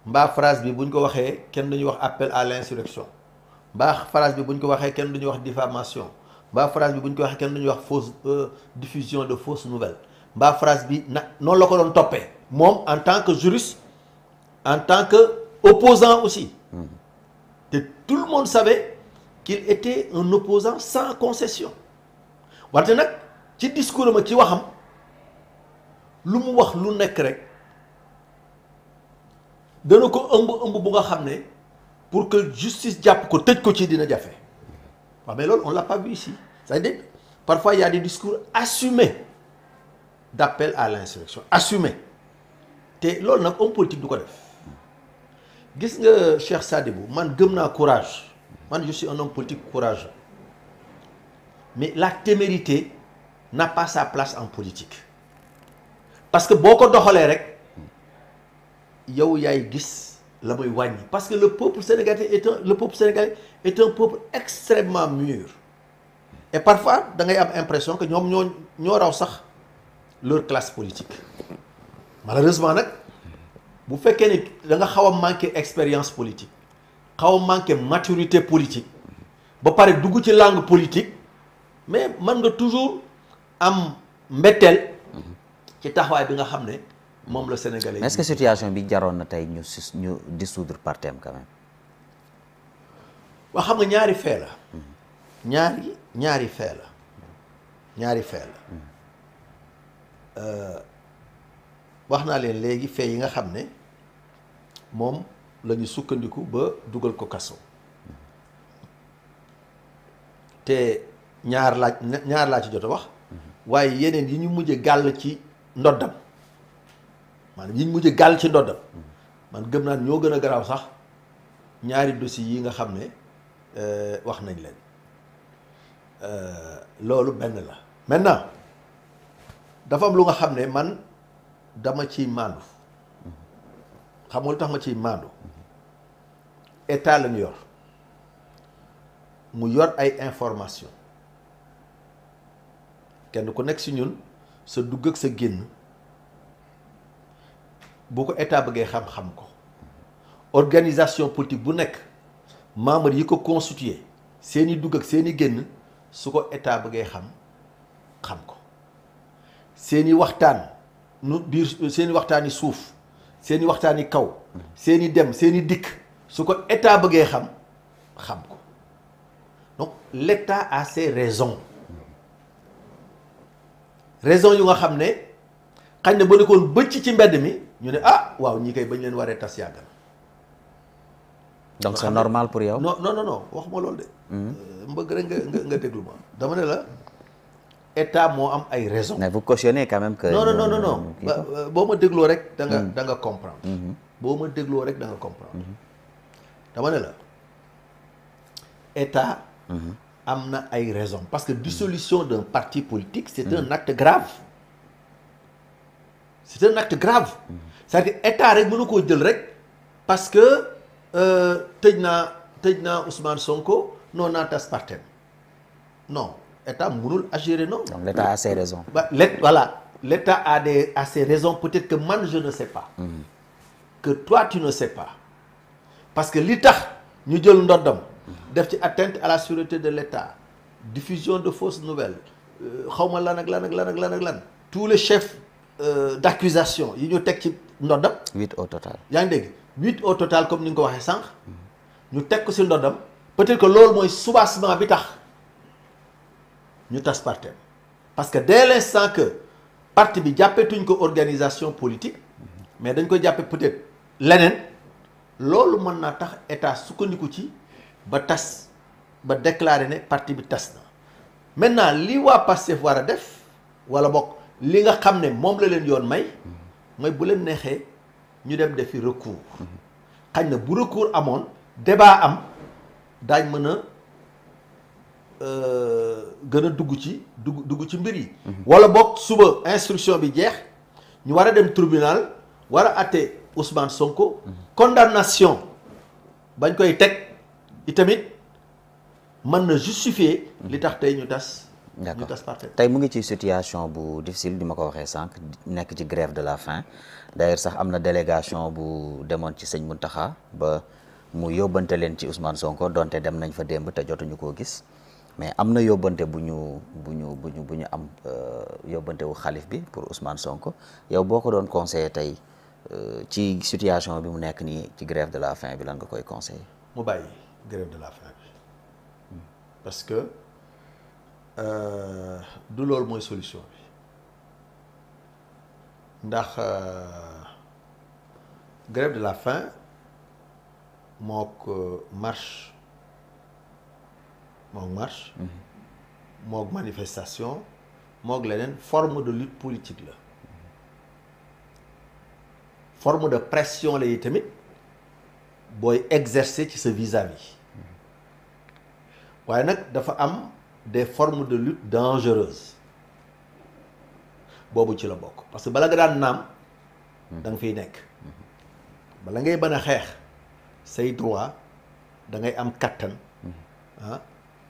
mba phrase bi buñ ko waxé kenn dañu wax appel à l'insurrection mbaa phrase bi buñ ko waxé kenn dañu wax diffamation mbaa phrase bi buñ ko waxé kenn dañu wax fausse euh, diffusion de fausses nouvelles mbaa phrase bi non, noonu la ko doon topé mom en tant que juriste en tant que opposant aussi tout le monde savait qu'il était un opposant sans concession wante nag ci discours ma ci waxam lu mu wax lu nekk rek dana ko ëmb ëmb bu nga pour que justice soit ko tëj ko ci dina mais on on l'a pas vu ici c'est-à-dire parfois il y a des discours assumés d'appel à l'insurrection assumés Là, on a un politique de quoi def gis nga Cheikh Sadibou man gëm naa courage Moi je suis un homme politique courageux mais la témérité n'a pas sa place en politique parce que beaucoup de doxalee rek yow yaay gis la muy wàññi parce que le peuple sénégalais est un le peuple sénégalais est un peuple extrêmement mûr et parfois da ngay am impression que nous ñoo ñoo raw sax leur classe politique malheureusement vous faites que da nga manqué expérience politique qui ont manqué maturité politique vous parlez langue politique mais mën toujours am qui sénégalais est-ce que situation est na quand même. xam nga ñaari moom la sukkandiku ba dugal ko kaso te ñaar laa ñaar laa ci jot a wax waaye yeneen yi ñu mujje gàll ci ndoddam maanaam yi ñu mujje gàll ci ndoddam man gëm naa ñoo gën a garaaw sax ñaari dosi yi nga xam ne euh, wax nañ leen euh, loolu benn la maintenant dafa am lu nga xam ne man dama ci maandu xam tax ma ci maandu état lañu yor mu yor ay information kenn ku nek ci ñun sa dugg ak sa génn bu ko état bëggee xam-xam ko organisation politique bu nek membre yi ko constituer seeni dugg ak seeni génn su ko état bëggee xam xam ko seeni waxtaan nu biir seeni waxtaani suuf seeni waxtaani kaw seeni dem seeni dikk su ko état bëggee xam xam ko donc l'état a ses raisons raison yu nga xam xagn xañ na ba nekkoon becc ci mbedd mi ñu ne ah waaw ñi kay bañ leen waré tas yàgg donc c'est normal pour yow. non non non wax hmm. euh, ma lol de. mbeug rek nga nga déglu ma dama ne la état mo am ay raison mais vous cautionnez quand même que. non non non non non je ma dégloo rek. da nga mm-hmm. da nga comprendre. Mm-hmm. boo ma dégloo rek da nga comprendre. Mm-hmm. dama ne la état. raison parce que dissolution d'un parti politique c'est un acte grave. c'est un acte grave. c'est-à-dire état rek mënu raison jël rek parce que euh tejna tejna Ousmane Sonko non naa tas non peut mënul non. l'état a ses raisons. voilà l'état a ses raisons peut-être que moi je ne sais pas. Hmm. que toi tu ne sais pas. parce que l'État nous ñu jël ndoddam. Hmm. def ci atteinte à la sûreté de l'état diffusion de fausses nouvelles tous les chefs euh, d'accusation, ils ont ñu teg huit au total. huit au total comme nous nga Nous waxee aussi hmm. ñu teg peut-être que l'homme sous soubassement bi tax ñu tas parteem parce que dès l'instant que parti bi jàppetuñ ko organisation politique mais dañ ko jàppe peut-être leneen loolu mën naa tax état sukkandiku ci ba tas ba déclarer né parti bi tas maintenant li waa Pastef war a def wala bokk li nga xam ne moom la leen yoon may mooy bu leen neexee ñu dem defi recours mm-hmm. xañ na bu recours amoon débat am daañ mën euh, gën d'Uguchi, dugg ci dugg dugg ci mbir yi. wala bok suba instruction bi jeex ñu wara dem tribunal wara até Ousmane Sonko. condamnation bañ koy tek itamit mën na justifier. li tax tay ñu tas. ñu tas parti tay mu ngi ci situation bu difficile dima ko waxé sank nek ci grève de la faim d'ailleurs sax amna délégation bu demoon ci Seigne Mountakha ba mu yobante len ci Ousmane Sonko donte dem nañ fa demb te jotuñu koo gis mais amna yobante buñu buñu buñu buñu ñu bu ñu am euh, yóbbante wu khalife bi pour Ousmane Sonko yow boko ko doon tay tey euh, ci situation bi mu nek ni ci grève de la faim bi lan nga koy conseiller mu baye grève de la faim parce que euh du lol moy solution bi ndax euh, grève de la faim moko marche une marche une manifestation une forme de lutte politique la forme de pression la yi tamit exercer ci vis-à-vis il y a des formes de lutte dangereuses la parce que bala nga un naam da nga fiy un bala ngay say droit da ngay am kattan ah,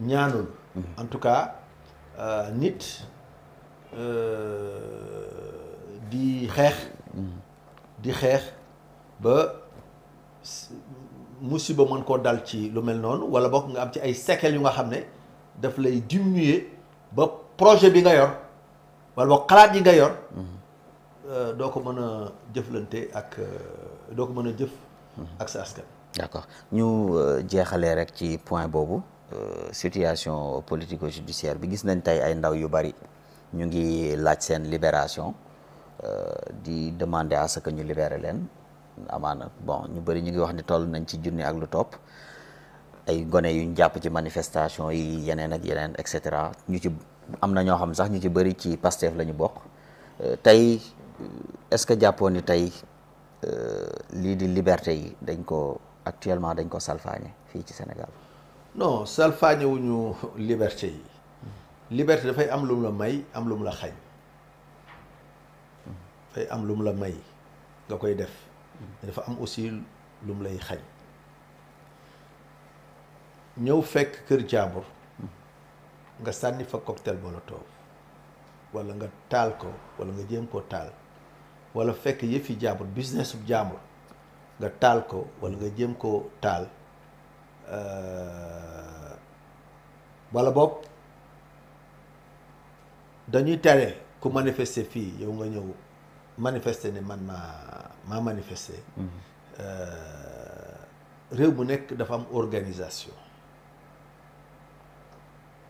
Mm-hmm. en tout cas euh, nit euh, di xeex mm-hmm. di xeex ba musiba man dal ci mel wala bokk nga am ci ay yu nga daf lay diminuer ba projet bi nga yor wala yi nga yor d'accord ñu euh, jeexalee rek ci point boobu Euh, situation politico judiciaire bi gis nañ tey ay ndaw yu bari ñu ngi laaj seen libération euh, di demander à ce que ñu libere leen amaana bon ñu bari ñu ngi wax ni toll nañ ci junni ak lu topp ay gone yu ñu jàpp ci manifestation yi yeneen ak yeneen et cetera ñu ci am na ñoo xam sax ñu ci bari ci Pastef la ñu bokk euh, tey est-ce que jàppoo ni tey lii di liberté yi dañ ko actuellement dañ ko salfaañe fii ci Sénégal non salfaañewuñu liberté yi liberté dafay am lu mu la may am lu mu la xañ dafay am lu mu la may nga koy def dafa am aussi lu mu lay xañ ñëw fekk kër jàmbur nga sànni fa cocktail toog walla nga taal ko wala nga jéem koo taal walla fekk yëfi jàmbur business bu jàmbur nga taal ko wala nga jëm koo taal Euh, wala boog dañuy téré ku manifester fi yow nga ñëw manifester ne man ma maa manifester. Euh, rew mu nek dafa am organisation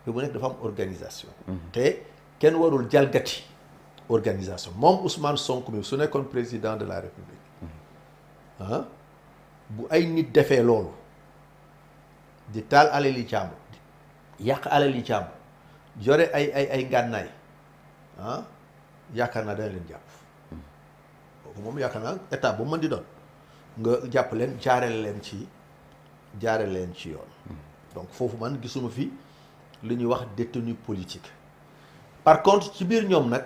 rew mu que dafa am organisation. Mhm. té kenn warul jalgati organisation mom Ousmane Sonko mi su président de la République. Mhm. ah bu ay nit défé lolu di tal alali càmb yàq alali càmb yore ay ay ay ngànnaay ah yakana naa dana leen jàpp kooku moom état bu man di doon nga jàpp len jaareel ci jaareel ci yoon donc fofu man gisuma fi li ñuy wax détenu politique par contre ci bir ñom nak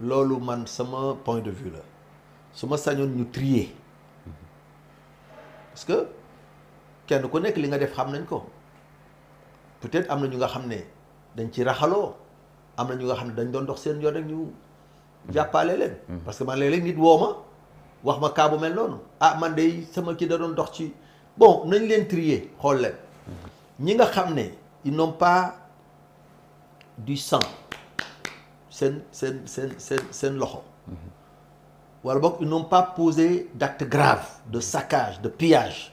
lolu man sama point de vue la su ma ñu trier parce que nous li nga def xam nañ peut-être am na nga xam ne dañ ci am nga dañ dox ñu hmm. Hmm. parce que man léeg nit woo wax ma bu mel ah de sama faire. bon nañ leen trier leen hmm. ñi ils n'ont pas du sang ils n'ont pas posé d'actes grave de saccage de pillage.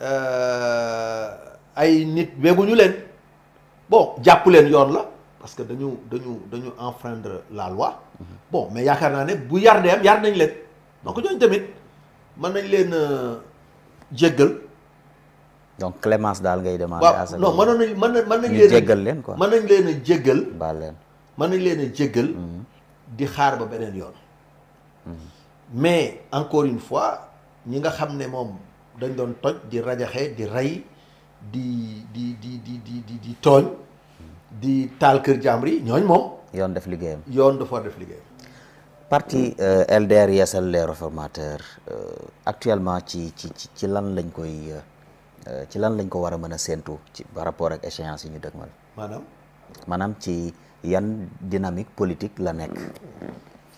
Euh, ay nit bon parce que nous dañu enfreindre la loi mhm. bon mais il y a bu vous am yar nañ donc je tamit nañ vous euh, donc clémence ngay à non man, nañ demande nañ Je quoi nañ vais mhm. mhm. mais encore une fois Nous nga dañ doon toj di rajaxe di rey di di di di di di di tooñ di taal kër jàmbur yi ñooñ moom yoon def liggéeyam yoon dafa def parti euh, LDR Yeesal les réformateurs euh, actuellement ci ci ci lan lañ koy euh, ci lan lañ ko war a mën a séentu ci par rapport ak échéance yi ñu dëgmal maanaam maanaam ci yan dynamique politique la nekk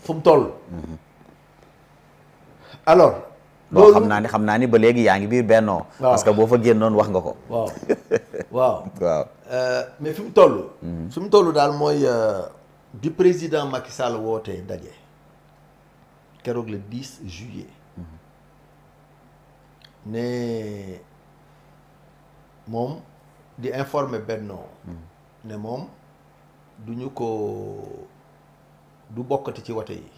fu toll mhm. alors loolu xam naa ni xam naa ni ba léegi yaa ngi biir bennoo parce que boo fa génnoon wax nga ko. waaw waaw. Euh, mais fi mu toll. Hmm. fi toll daal mooy di euh, président Macky Sall wootee ndaje keroog le 10 juillet. Hmm. ne moom di informer bennoo hmm. ne moom du ñu ko du bokkati ci wote yi.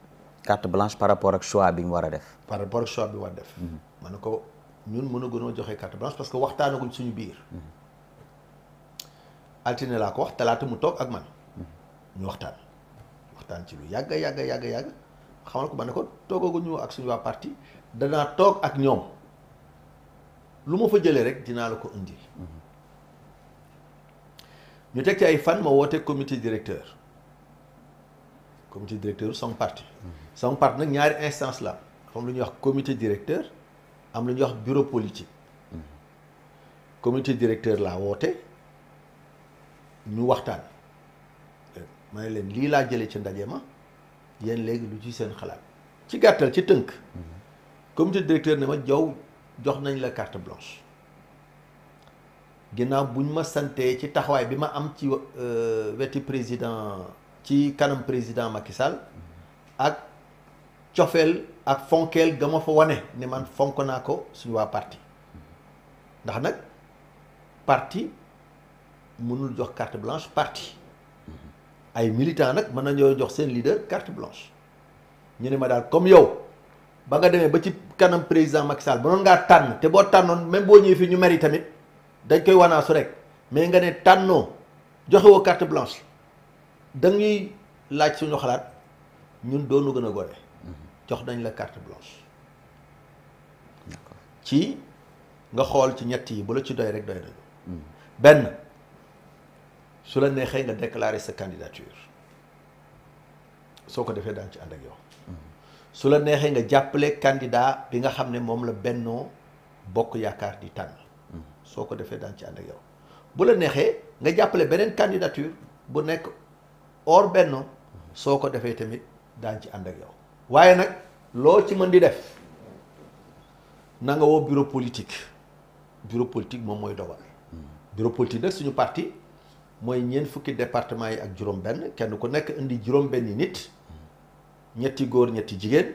carte blanche par rapport ak choix bi mu war a def. par rapport ak choix bi mu war a def. Mhm. ma ne ko ñun mën a gënoo joxe carte blanche parce que waxtaanaguñ suñu biir. Mhm. altine laa ko wax talaata mu toog ak man. Mhm. ñu waxtaan waxtaan ci lu yàgg yàgg yàgg yàgg xamal ko ma ne ko toogaguñu ak suñu waa parti danaa toog ak ñoom lu ma fa jëlee rek dinaa la ko indi. ñu teg ci ay fan ma woote comité directeur comité directeur son parti. sama part nag ñaari instance la am lu ñuy wax comité directeur am lu ñuy wax bureau politique comité directeur la woté ñu waxtaan ma ne leen lii laa ci ndaje ma yéen léegi lu ci seen xalaat ci gattal ci teunk comité directeur ne ma jow jox nañ la carte blanche ginnaaw buñ ma santé, ci taxaway bi ma am ci euh, weti président ci kanam président Macky Sall ak cofeel ak fonkeel ga ma fa wane ne man fonk naa ko suñu waa parti ndax nag parti mënul jox carte blanche parti ay militant nag mën nañoo jox seen leader carte blanche ñu ne ma daal comme yow ba nga demee ba ci kanam président Macky Sall ba noon ngaa tànn te boo tànnoon même boo ñëwee fii ñu mari tamit dañ koy wanaasu rek mais nga ne tànnoo joxe woo carte blanche da ñuy laaj suñu xalaat ñun doonu gën a gore jox dañ la carte blanche ci nga xool ci ñett yi bu la ci doy rek doy nañu hmm. benn su la neexee nga déclarer sa candidature soo ko defee daan ci ànd ak yow hmm. su la neexee nga jàppale candidat bi nga xam ne moom la bennoo bokk yaakaar di tànn hmm. soo ko defee daan ci ànd ak yow bu la neexee nga jàppale beneen candidature bu nekk hors bennoo soo ko defee tamit daan ci ànd ak yow waaye nag loo ci mën di def na nga woo bureau politique bureau politique moom mooy dogal hmm. bureau politique nag suñu parti mooy ñeent fukki département yi ak juróom-benn kenn ku nekk indi juróom-benn nit ñetti góor ñetti jigéen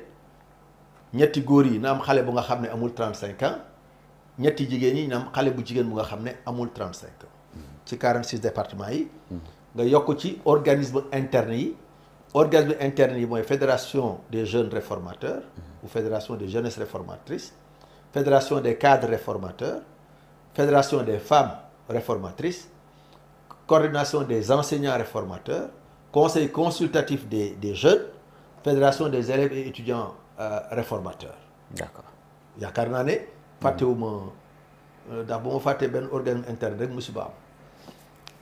ñetti góor yi na am xale bu nga xam ne amul 35 ans ñetti jigéen ñi na am xale bu jigéen bu nga xam ne amul 35 ans hmm. ci 46 département yi. Hmm. nga yokk ci organisme interne yi. organes interne, fédération des jeunes réformateurs ou fédération des jeunesses réformatrices fédération des cadres réformateurs fédération des femmes réformatrices coordination des enseignants réformateurs conseil consultatif des, jeunes fédération des élèves et étudiants euh, réformateurs d'accord Il y a fàttewuma ans, il y un organisme interne un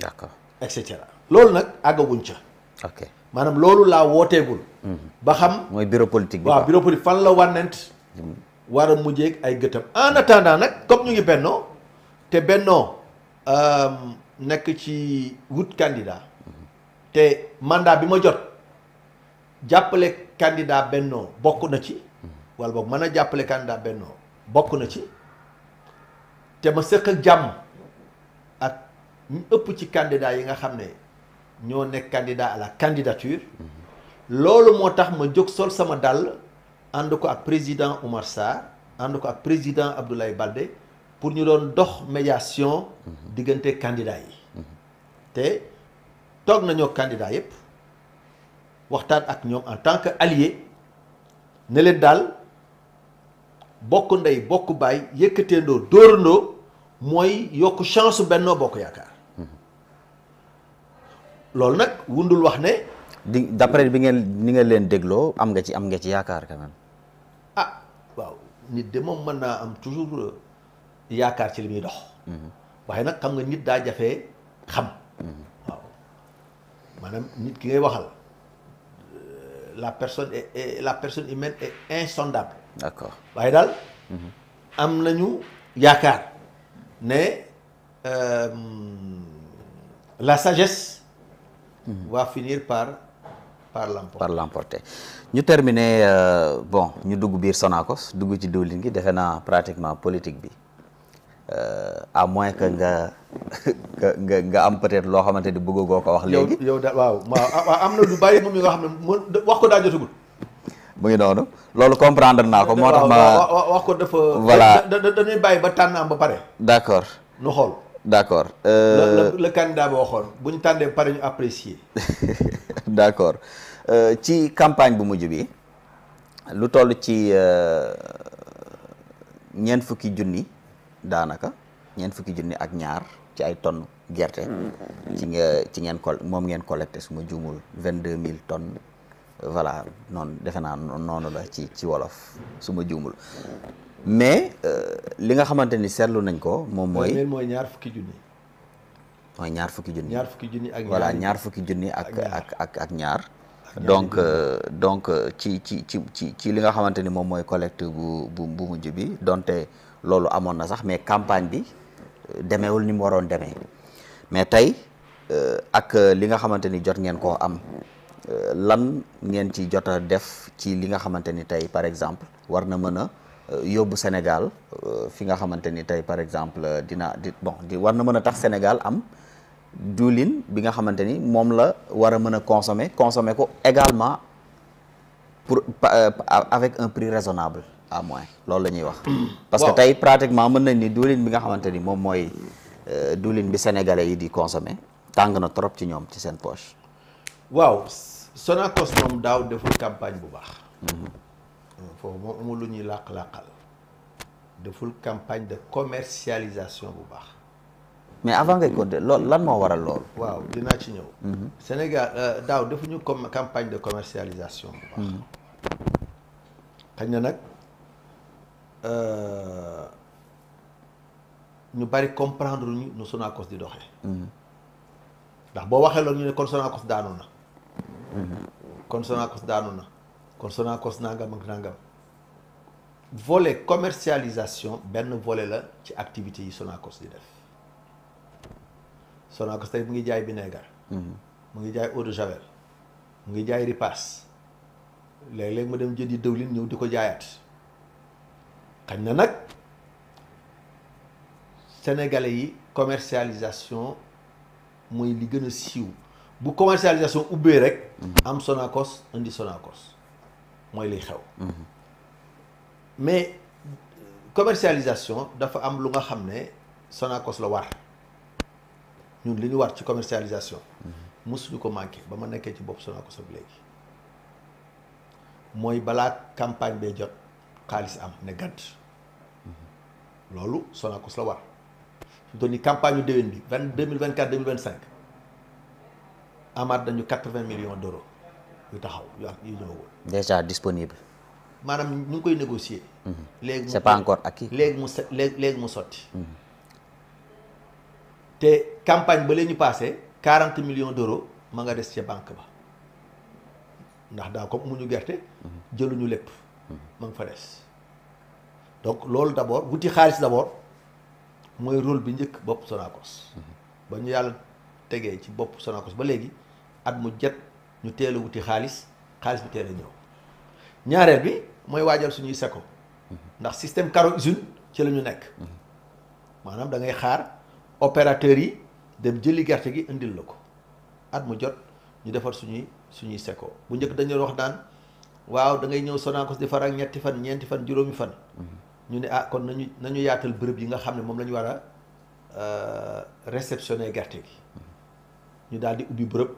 d'accord et cetera loolu nag àggaguñ ca. ok maanaam loolu laa wooteegul. Mm-hmm. ba xam mooy bureau politique bi waaw bureau politique fan la wànnent mm-hmm. war a mujjeeg ay gëtam en attendant nag comme ñu ngi bennoo te bennoo euh, nekk ci wut candidat. Mm-hmm. te mandat bi ma jot jàppale candidat bennoo bokk na ci. wala boog mën a jàppale candidat bennoo bokk na ci te ma sëq ak jàmm. ñu petit candidat yi nga ñoo candidat à la candidature loolu moo tax ma jóg sol sama président Omar Sarr ànd ko président Abdoulaye Balde pour ñu doon dox médiation diggante candidat yi te candidats. candidat en tant que allié ne leen daal bokk ndey bokk yëkkateendoo dóorandoo mooy yokk chance bokk loolu nag wundul wax ne. di d'après bi ngeen ni nga leen dégloo am nga ci am nga ci yaakaar quand même. ah waaw nit de moom mën naa am toujours euh, yaakaar ci li muy dox. Mhm. waaye nag xam nga nit daa jafee xam. Mhm. waaw maanaam nit ki ngay waxal euh, la personne est la personne humaine est insondable. d'accord waaye daal. Mhm. am nañu yaakaar ne euh, la sagesse. Mhm. va finir par par l'emporter par l'emporter eh. ñu terminer euh, bon ñu dugg biir Sonacos dugg ci diwlin gi defe naa pratiquement politique bi euh, à moins que nga nga nga am peut-être loo xamante ni bëgg goo ko wax léegi yow da waaw am na lu bàyyi moom yi nga xam ne wax ko daa jotagul mu ngi noonu loolu comprendre naa ko moo tax ma wax ko dafa voilà dañuy bàyyi ba tànn am ba pare d' accord nu xool D'accord. Euh... Le, le, le, candidat bo xon buñ tandé par ñu apprécier. D'accord. Euh ci campagne bu mujju bi lu tollu ci euh ñen fukki junni danaka ñen fukki junni ak ñaar ci ay tonnes gerte ci nga ci ngeen col mom ngeen collecté suma jumul 22000 tonnes voilà non defena nonu la ci ci wolof suma jumul mais euh, li nga xamante ni seetlu nañ ko moom mooy. mooy ñaar fukki junni. mooy ñaar fukki junni. ñaar fukki junni ak ñaar voilà ñaar fukki junni ak ak ak ak ñaar. donc euh, donc euh, ci ci ci ci ci li nga xamante ni moom mooy collecte bu bu bu mujj bi donte loolu amoon na sax mais campagne bi demeewul ni mu waroon demee mais tey ak li nga xamante ni jot ngeen koo am lan ngeen ci jot def ci li nga xamante ni tey par exemple war na mën a. Euh, yóbbu Sénégal euh, fi nga xamante ni tey par exemple euh, dina di bon di war na mën a tax Sénégal am diwlin bi nga xamante ni moom la war a mën a consommer consommer ko également pour avec un prix raisonnable à moins loolu la ñuy wax. parce que tey pratiquement mën nañ ni diwlin bi nga xamante ni moom mooy diwlin bi sénégalais yi di consommer tàng na trop ci ñoom ci seen poche. waaw Sonacos moom daaw deful campagne bu baax. Mm-hmm. Il y a une campagne de commercialisation. Mais avant que vous l'avez dit, ce que vous avez dit? Oui, je suis venu. Au Sénégal, il y a une campagne de commercialisation. Quand on a... Nous devons comprendre que nous sommes à cause de l'Ohé. Parce que si on de dit que nous sommes à cause de l'Ohé. Nous sommes à cause de l'Ohé kon Sonacos nangam ak nangam volet commercialisation ben volet la ci activité yi Sonacos di def Sonacos tay mu ngi jaay vinaigre. Mhm. mu ngi jaay eau de javel mu ngi jaay ripaas léeg-léeg ma dem jëndi dewlin ñëw diko ko jaayaat xañ na nak sénégalais yi commercialisation mooy li gën a siiw bu commercialisation ubbee rek. Mhm. am Sonacos indi Sonacos moy li xew mhm. mais commercialisation dafa am lu nga xamné Sonacos la war ñun li war ci commercialisation mhm. ko ba ma ci Sonacos campagne bee jot xaalis am ne mhm. lolu la war campagne de 2024-2025 80 millions d'euros. yu taxaw yu ak yu disponible. maanaam ñu ngi koy négocier. Mhm. léegi mu c'est pas encore léegi mu léegi mu sotti. Mhm. te campagne ba la ñu passé quarante million d'euros ma nga des ca banque ba ndax daa comme mu ñu gerte. Mhm. jëluñu lépp. ma nga fa des. donc loolu d'abord wuti xaalis d'abord mooy rôle bi njëkk bopp Sonacos. ba ñu yàlla tegee ci bopp Sonacos ba léegi at mu jet. ñu uti a wuti xaalis xaalis bi teel a ñëw ñaareel bi mooy waajal suñuy seko ndax système caro usine ci la ñu nekk maanaam da ngay xaar opérateurs yi dem jëli gerte gi indil la ko at mu jot ñu defar suñuy suñuy seko bu njëkk dañu wax naan waaw da ngay ñëw sonakos di far ak ñetti fan ñeenti fan juróomi fan ñu ne ah kon nañu nañu yaatal bërëb yi nga xam ne moom la ñu war a euh, réceptionner gerte gi ñu daal di ubbi bërëb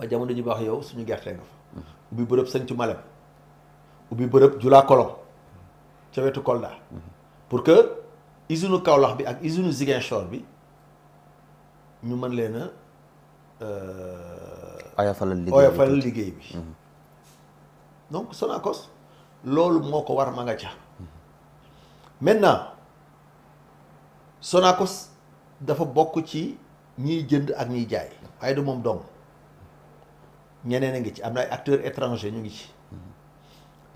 ba jamono ji ba wax yow suñu gerte nga fa ubbi bërëb sañcu Malem ubbi bërëb julaa Kolom ca wetu Kolda pour que usine Kaolack bi ak usine Ziguinchor bi ñu mën leen a euh, oyofalal liggéey bi liggéey bi donc Sonacos loolu moo ko war ma nga ca maintenant sonakos dafa bokk ci ñiy jënd ak ñiy jaay waaye du moom dong ñeneen a ngi ci am na ay acteurs étrangers ñu ngi ci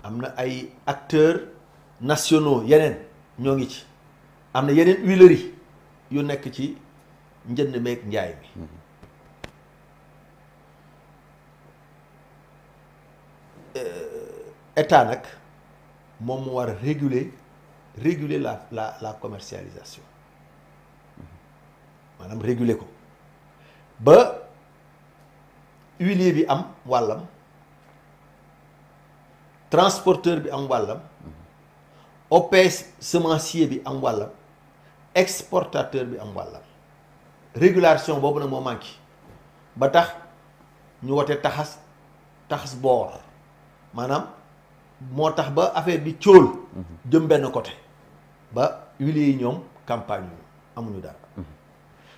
am na ay acteurs nationaux yeneen ñoo ngi ci am na yeneen huileries yu nekk ci njënd meeg njaay mi euh, état nag moom mu war a réguler réguler la la la commercialisation maanaam réguler ko ba. huilier bi am wàllam transporteur bi am wàllam opes semencier bi am wàllam exportateur bi am wàllam régulation boobu nag moo manqué ba tax ñu wote taxas taxas boor maanaam moo tax ba affaire bi cóol mhm. jëm benn côté ba huilier yi ñoom campagne amuñu daal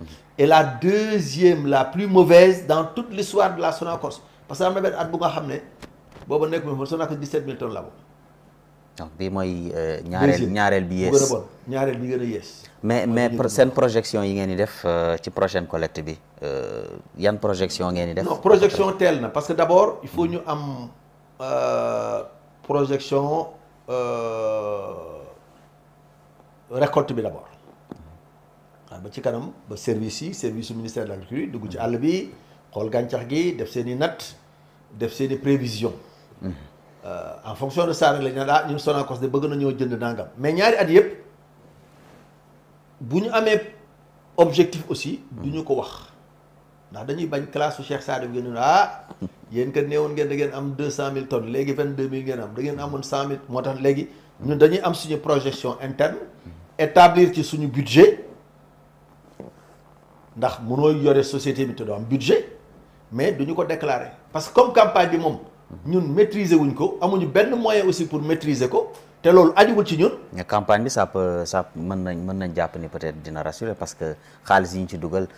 Mhm. et la deuxième la plus mauvaise dans toute l'histoire de la Corse parce que je que ne sais pas si 17 000 tonnes la bas donc bii mooy euh, ñaareel ñaareel bi yees bu Mais, mais, bon ñaareel a une mais mais projection collecte, ngeen di def euh, ci prochaine collecte euh, a une projection ngeen def. non projection telle. parce que d'abord il faut une projection récolte d'abord ba ci kanam ba service yi service su ministère de l'agriculture dugg ci àll bi xool gàncax gi def seen nat def seen i euh en fonction de ça rek lañ ne ah ñun Sonacos de bëgg nañoo jënd nangam mais ñaari at yépp buñu amé objectif aussi duñu ko wax ndax dañuy bañ classe Cheikh Sadio bi ngeen ah yéen kat néewoon ngeen da ngeen am 200000 tonnes légui 22000 deux ngeen am da ngeen amoon 100000 motax légui tax ñun dañuy am suñu projection interne établir ci suñu budget ndax munoo yoré société bi te am budget mais duñu ko déclarer parce que comme campagne bi mom ñun maîtriser wuñ ko amuñu benn moyen aussi pour maîtriser ko té loolu ajuwul ci ñun. La campagne bi ça peut ça mën nañ mën nañ japp ni peut-être dina rassurer parce que xaalis yi ñu ci duggal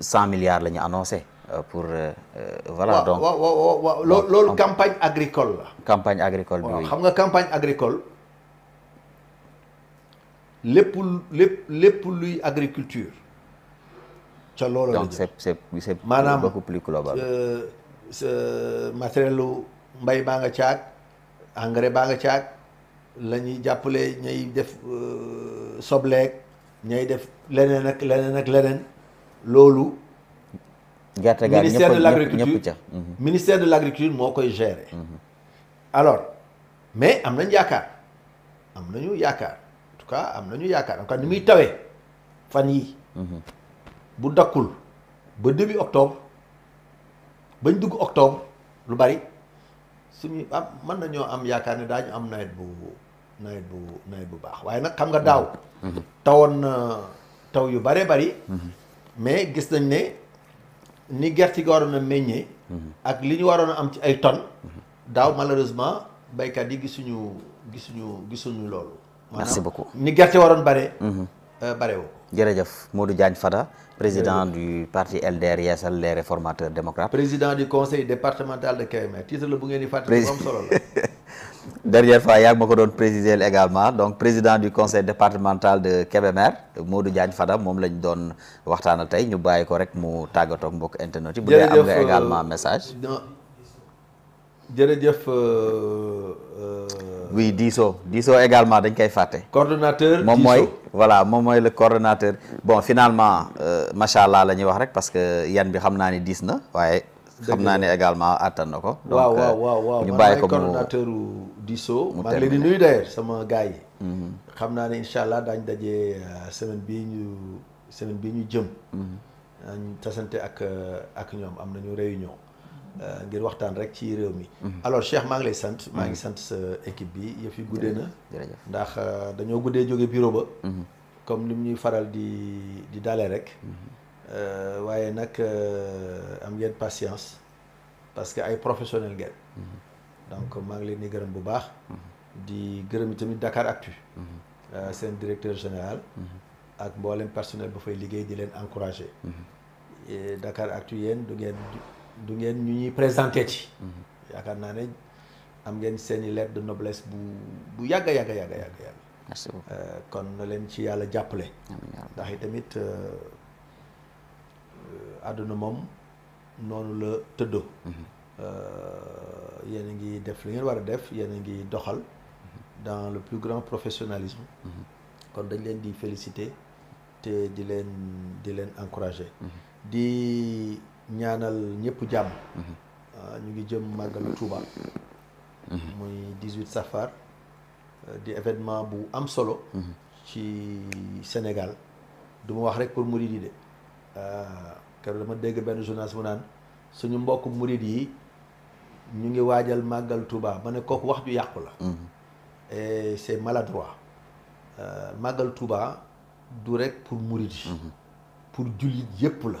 100 milliards lañu annoncer euh, pour. Euh, euh, voilà donc waaw waaw waaw loolu campagne agricole la. campagne agricole bi xam nga campagne agricole lépp lépp lépp luy agriculture. ca loolu donc c'est c'est c'est maanaam beaucoup plus global matériel mbay baa nga caag engrais baa nga caag la ñuy jàppale ñay def euh, sobleeg ñay def leneen ak leneen ak leneen loolu gerte gaal ministère de l'agriculture mhm. ministère de l'agriculture moo koy gérer mhm. alors mais am nañ yaakaar am nañu yaakaar en tout am nañu yaakaar en tout cas ni muy tawee fan yi mhm. bu dakkul ba début octobre bañ dugg octobre lu bari suñu am ah, mën nañoo am yaakaar ne daañu am nawet bu nawet bu nawet bu baax waaye nag xam nga daaw. Mhm. tawoon na taw yu baree bari. Mhm. mais gis nañ ne ni gerte gi waroon a meññe mhm. ak li ñu waroon a am ci ay ton daaw malheureusement baykat yi gisuñu gisuñu gisuñu loolu. merci ba ko ni gerte waroon bare. Euh, barewoo. jërëjëf Modou Diagne Fada président du parti LDR Yeesal les réformateurs démocrates. président du conseil départemental de Kébémer titre bu ngeen di solo dernière fois yaa Mako ma présider également donc président du conseil départemental de Kébémer Modou Diagne Fada moom lañ Don waxtaanal Tay, ñu bàyyi ko rek mu tàggatoo ak mbokk internet yi. bu dee également message. Euh, jërëjëf. Euh, euh, oui diisoo diisoo également dañ koy fàtte. coordonnateur moom mooy voilà moom mooy le coordonnateur bon finalement euh, macha allah la ñuy wax rek parce que yan bi xam naa ne diis na waaye. xam naa ne également attan na ko. donc ñu bàyyi ko mu waaw waaw ngi leen di d'ailleurs sama gars yi. Mhm. xam naa ne incha allah daañu daje semaine bii ñu semaine bii ñu jëm. Mhm. ñu tasante ak ak ñoom am nañu réunion. Euh, ngir waxtaan rek ci réew mi. Mhm. alors Cheikh maa ngi lay sant. Mhm. maa ngi sant sa équipe bi yëf yi guddee na. ndax euh, dañoo guddee jóge bureau ba. Mhm. comme lim ñuy faral di di dalee rek. Euh, waaye nag am ngeen patience parce que ay professionnel ngeen. donc maa ngi leen di gërëm bu baax. di gërëm tamit Dakar Actu. seen directeur général. ak mboolem personnel ba fay liggéey di leen encourager. Dakar Actu yéen du ngeen du mhm. avons de noblesse dans le plus grand professionnalisme. Mhm. kon dañ leen féliciter ñaanal ñëpp jàmm mhm. ah, ñu ngi jëm màggal Touba mhm. muy dix-huit safar euh, di événement bu am solo mhm. ci Sénégal du wax rek pour murid yi de ah, keroog dama dégg benn journaliste mu naan suñu mbokk murid yi ñu ngi waajal màggal Touba ba ne kooku wax du yàqu la et c'est maladroit euh, màggal Touba du rek pour murid yi pour jullit yépp la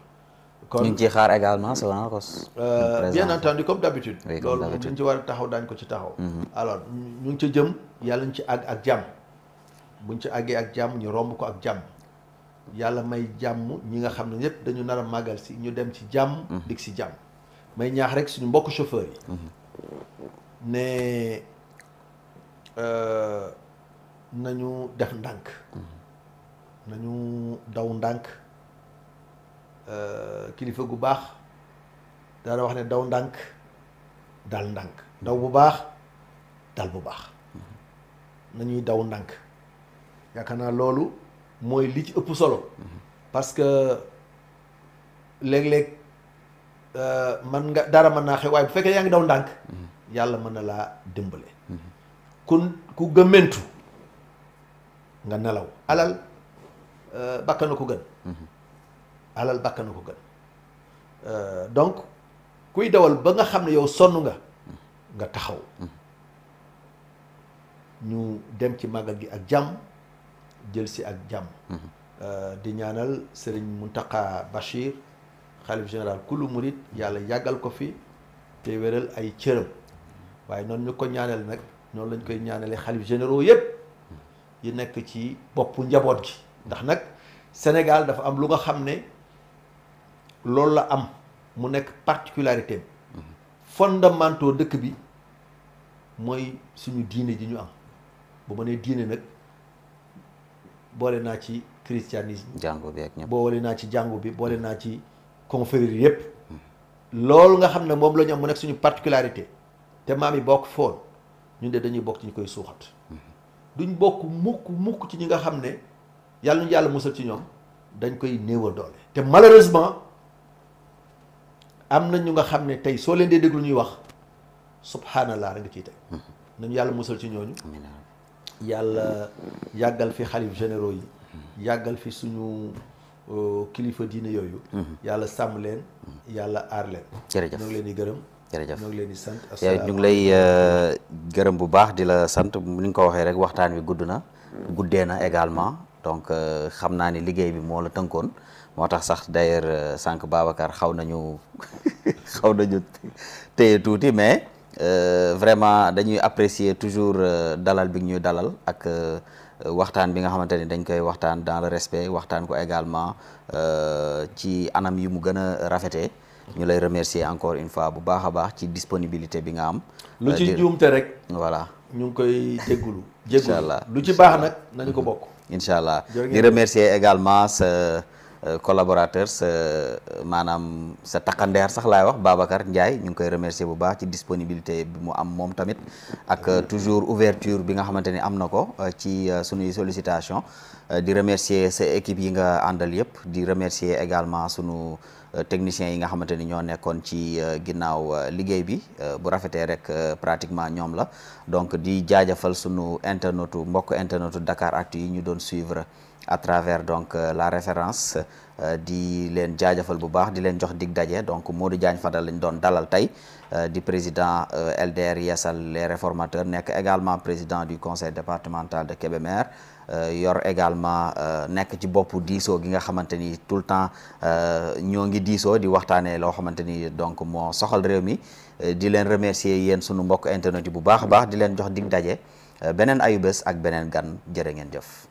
kon ñu ngi ciy xaar également selon la cause. bien entendu comme d'habitude. oui comme d'habitude ñu ci war a taxaw daañu ko ci taxaw. alors ñu ngi ci jëm yàlla ñu ci àgg ak jàmm buñ ci àggee ak ñu romb ko ak jam yàlla may jam ñi nga xam ne dañu nar a màggal si ñu dem ci jàmm. dig si jam may ñaax rek suñu mbokk chauffeur yi. Mhm. ne nañu def ndànk. nañu daw Euh, kilifa gu baax daana wax ne daw ndànk dal ndànk daw bu baax dal bu baax nañuy daw ndànk yaakaar naa loolu mooy li ci ëpp solo parce que léeg-léeg euh, man nga dara mën naa xew waaye bu fekkee yaa ngi daw ndànk yàlla mën na laa dimbale ku ku gëmmentu nga nelaw alal euh, bakkan ko gën alal bakkanu ko gën euh, donc kuy dawal ba nga xam ne yow sonn nga nga taxaw ñu dem ci màggal gi ak jàmm jël si ak jàmm euh, di ñaanal sëriñ Mountakha Bachir xalif général kulu murit yàlla yàggal ko fi te wéral ay cëram waaye noonu ñu ko ñaanal nag noonu lañ koy ñaanalee xalif généro yépp yi nekk ci boppu njaboot gi ndax nag Sénégal dafa am lu nga xam ne lool la am mu nekk particularité fondamentaux dëkk bi mooy suñu diine ji ñu am bu ma nee diine nag christianisme. bi ak ñëpp boole naa ci bi boole ne la ñu am mu particularité ñun de dañuy bokk ci ñu koy suuxat duñ mukk mukk ci ne ñu ci malheureusement. am na ñu nga xam ne tey soo leen dee déglu ñuy wax subhanallah rek nga ciy teg mm-hmm. nañu yàlla musal ci ñooñu yàlla yàggal fi xalif généraux yi mm-hmm. yàggal fi suñu euh, kilifa diine yooyu mm-hmm. yàlla sàmm leen yàlla aar leen jërëjëf ñoo leen di gërëm jërëjëf ñu ngi leen di sant ñu ngi lay euh, gërëm bu baax di la sant mu ni ñu ko waxee rek waxtaan wi gudd na guddee na également donc euh, xam naa ni liggéey bi moo la tënkoon moo tax sax d'ailleurs euh, sànq Babacar xaw nañu xaw nañu téye tuuti mais euh, vraiment dañuy apprécier toujours euh, dalal bi ñuy dalal ak waxtaan bi nga xamante ni dañ koy waxtaan dans le respect waxtaan ko également ci anam yi mu gën a rafetee ñu lay remercier encore une fois bu baax a baax ci disponibilité bi nga am. lu ci juumte rek. voilà ñu ngi koy jéggulu. jéggulu lu ci baax nag nañu ko bokk. incha allah di remercier également Euh, collaborateur sa maanaam sa takkandeer sax laay wax Babacar Ndiaye ñu ngi koy remercier bu baax ci disponibilité bi mu am moom tamit ak euh, toujours ouverture bi nga xamante ni am na ko euh, ci sunuy sollicitation di remercier sa équipe yi nga àndal yëpp di remercier également sunu techniciens yi nga xamante ni ñoo nekkoon ci ginnaaw liggéey bi bu rafetee rek pratiquement ñoom la donc di jaajëfal sunu internetu mbokk internetu Dakar Actu yi ñu doon suivre à travers donc euh, la référence euh, di len jaajëfal bu baax di len jox dig dajé donc Modou Diagne Fadalindon lañ doon dalal euh, président LDR Yassal, les réformateurs nek également président du conseil départemental de Kébémer yor également nek ci bopp qui gi nga xamanteni tout le temps ñoo ngi diisoo di de lo xamanteni donc mo soxal réew mi di len remercier yeen sunu mbokk internet bu baax baax di len jox dig dajé benen ayubés ak benen gan jere ngeen jëf.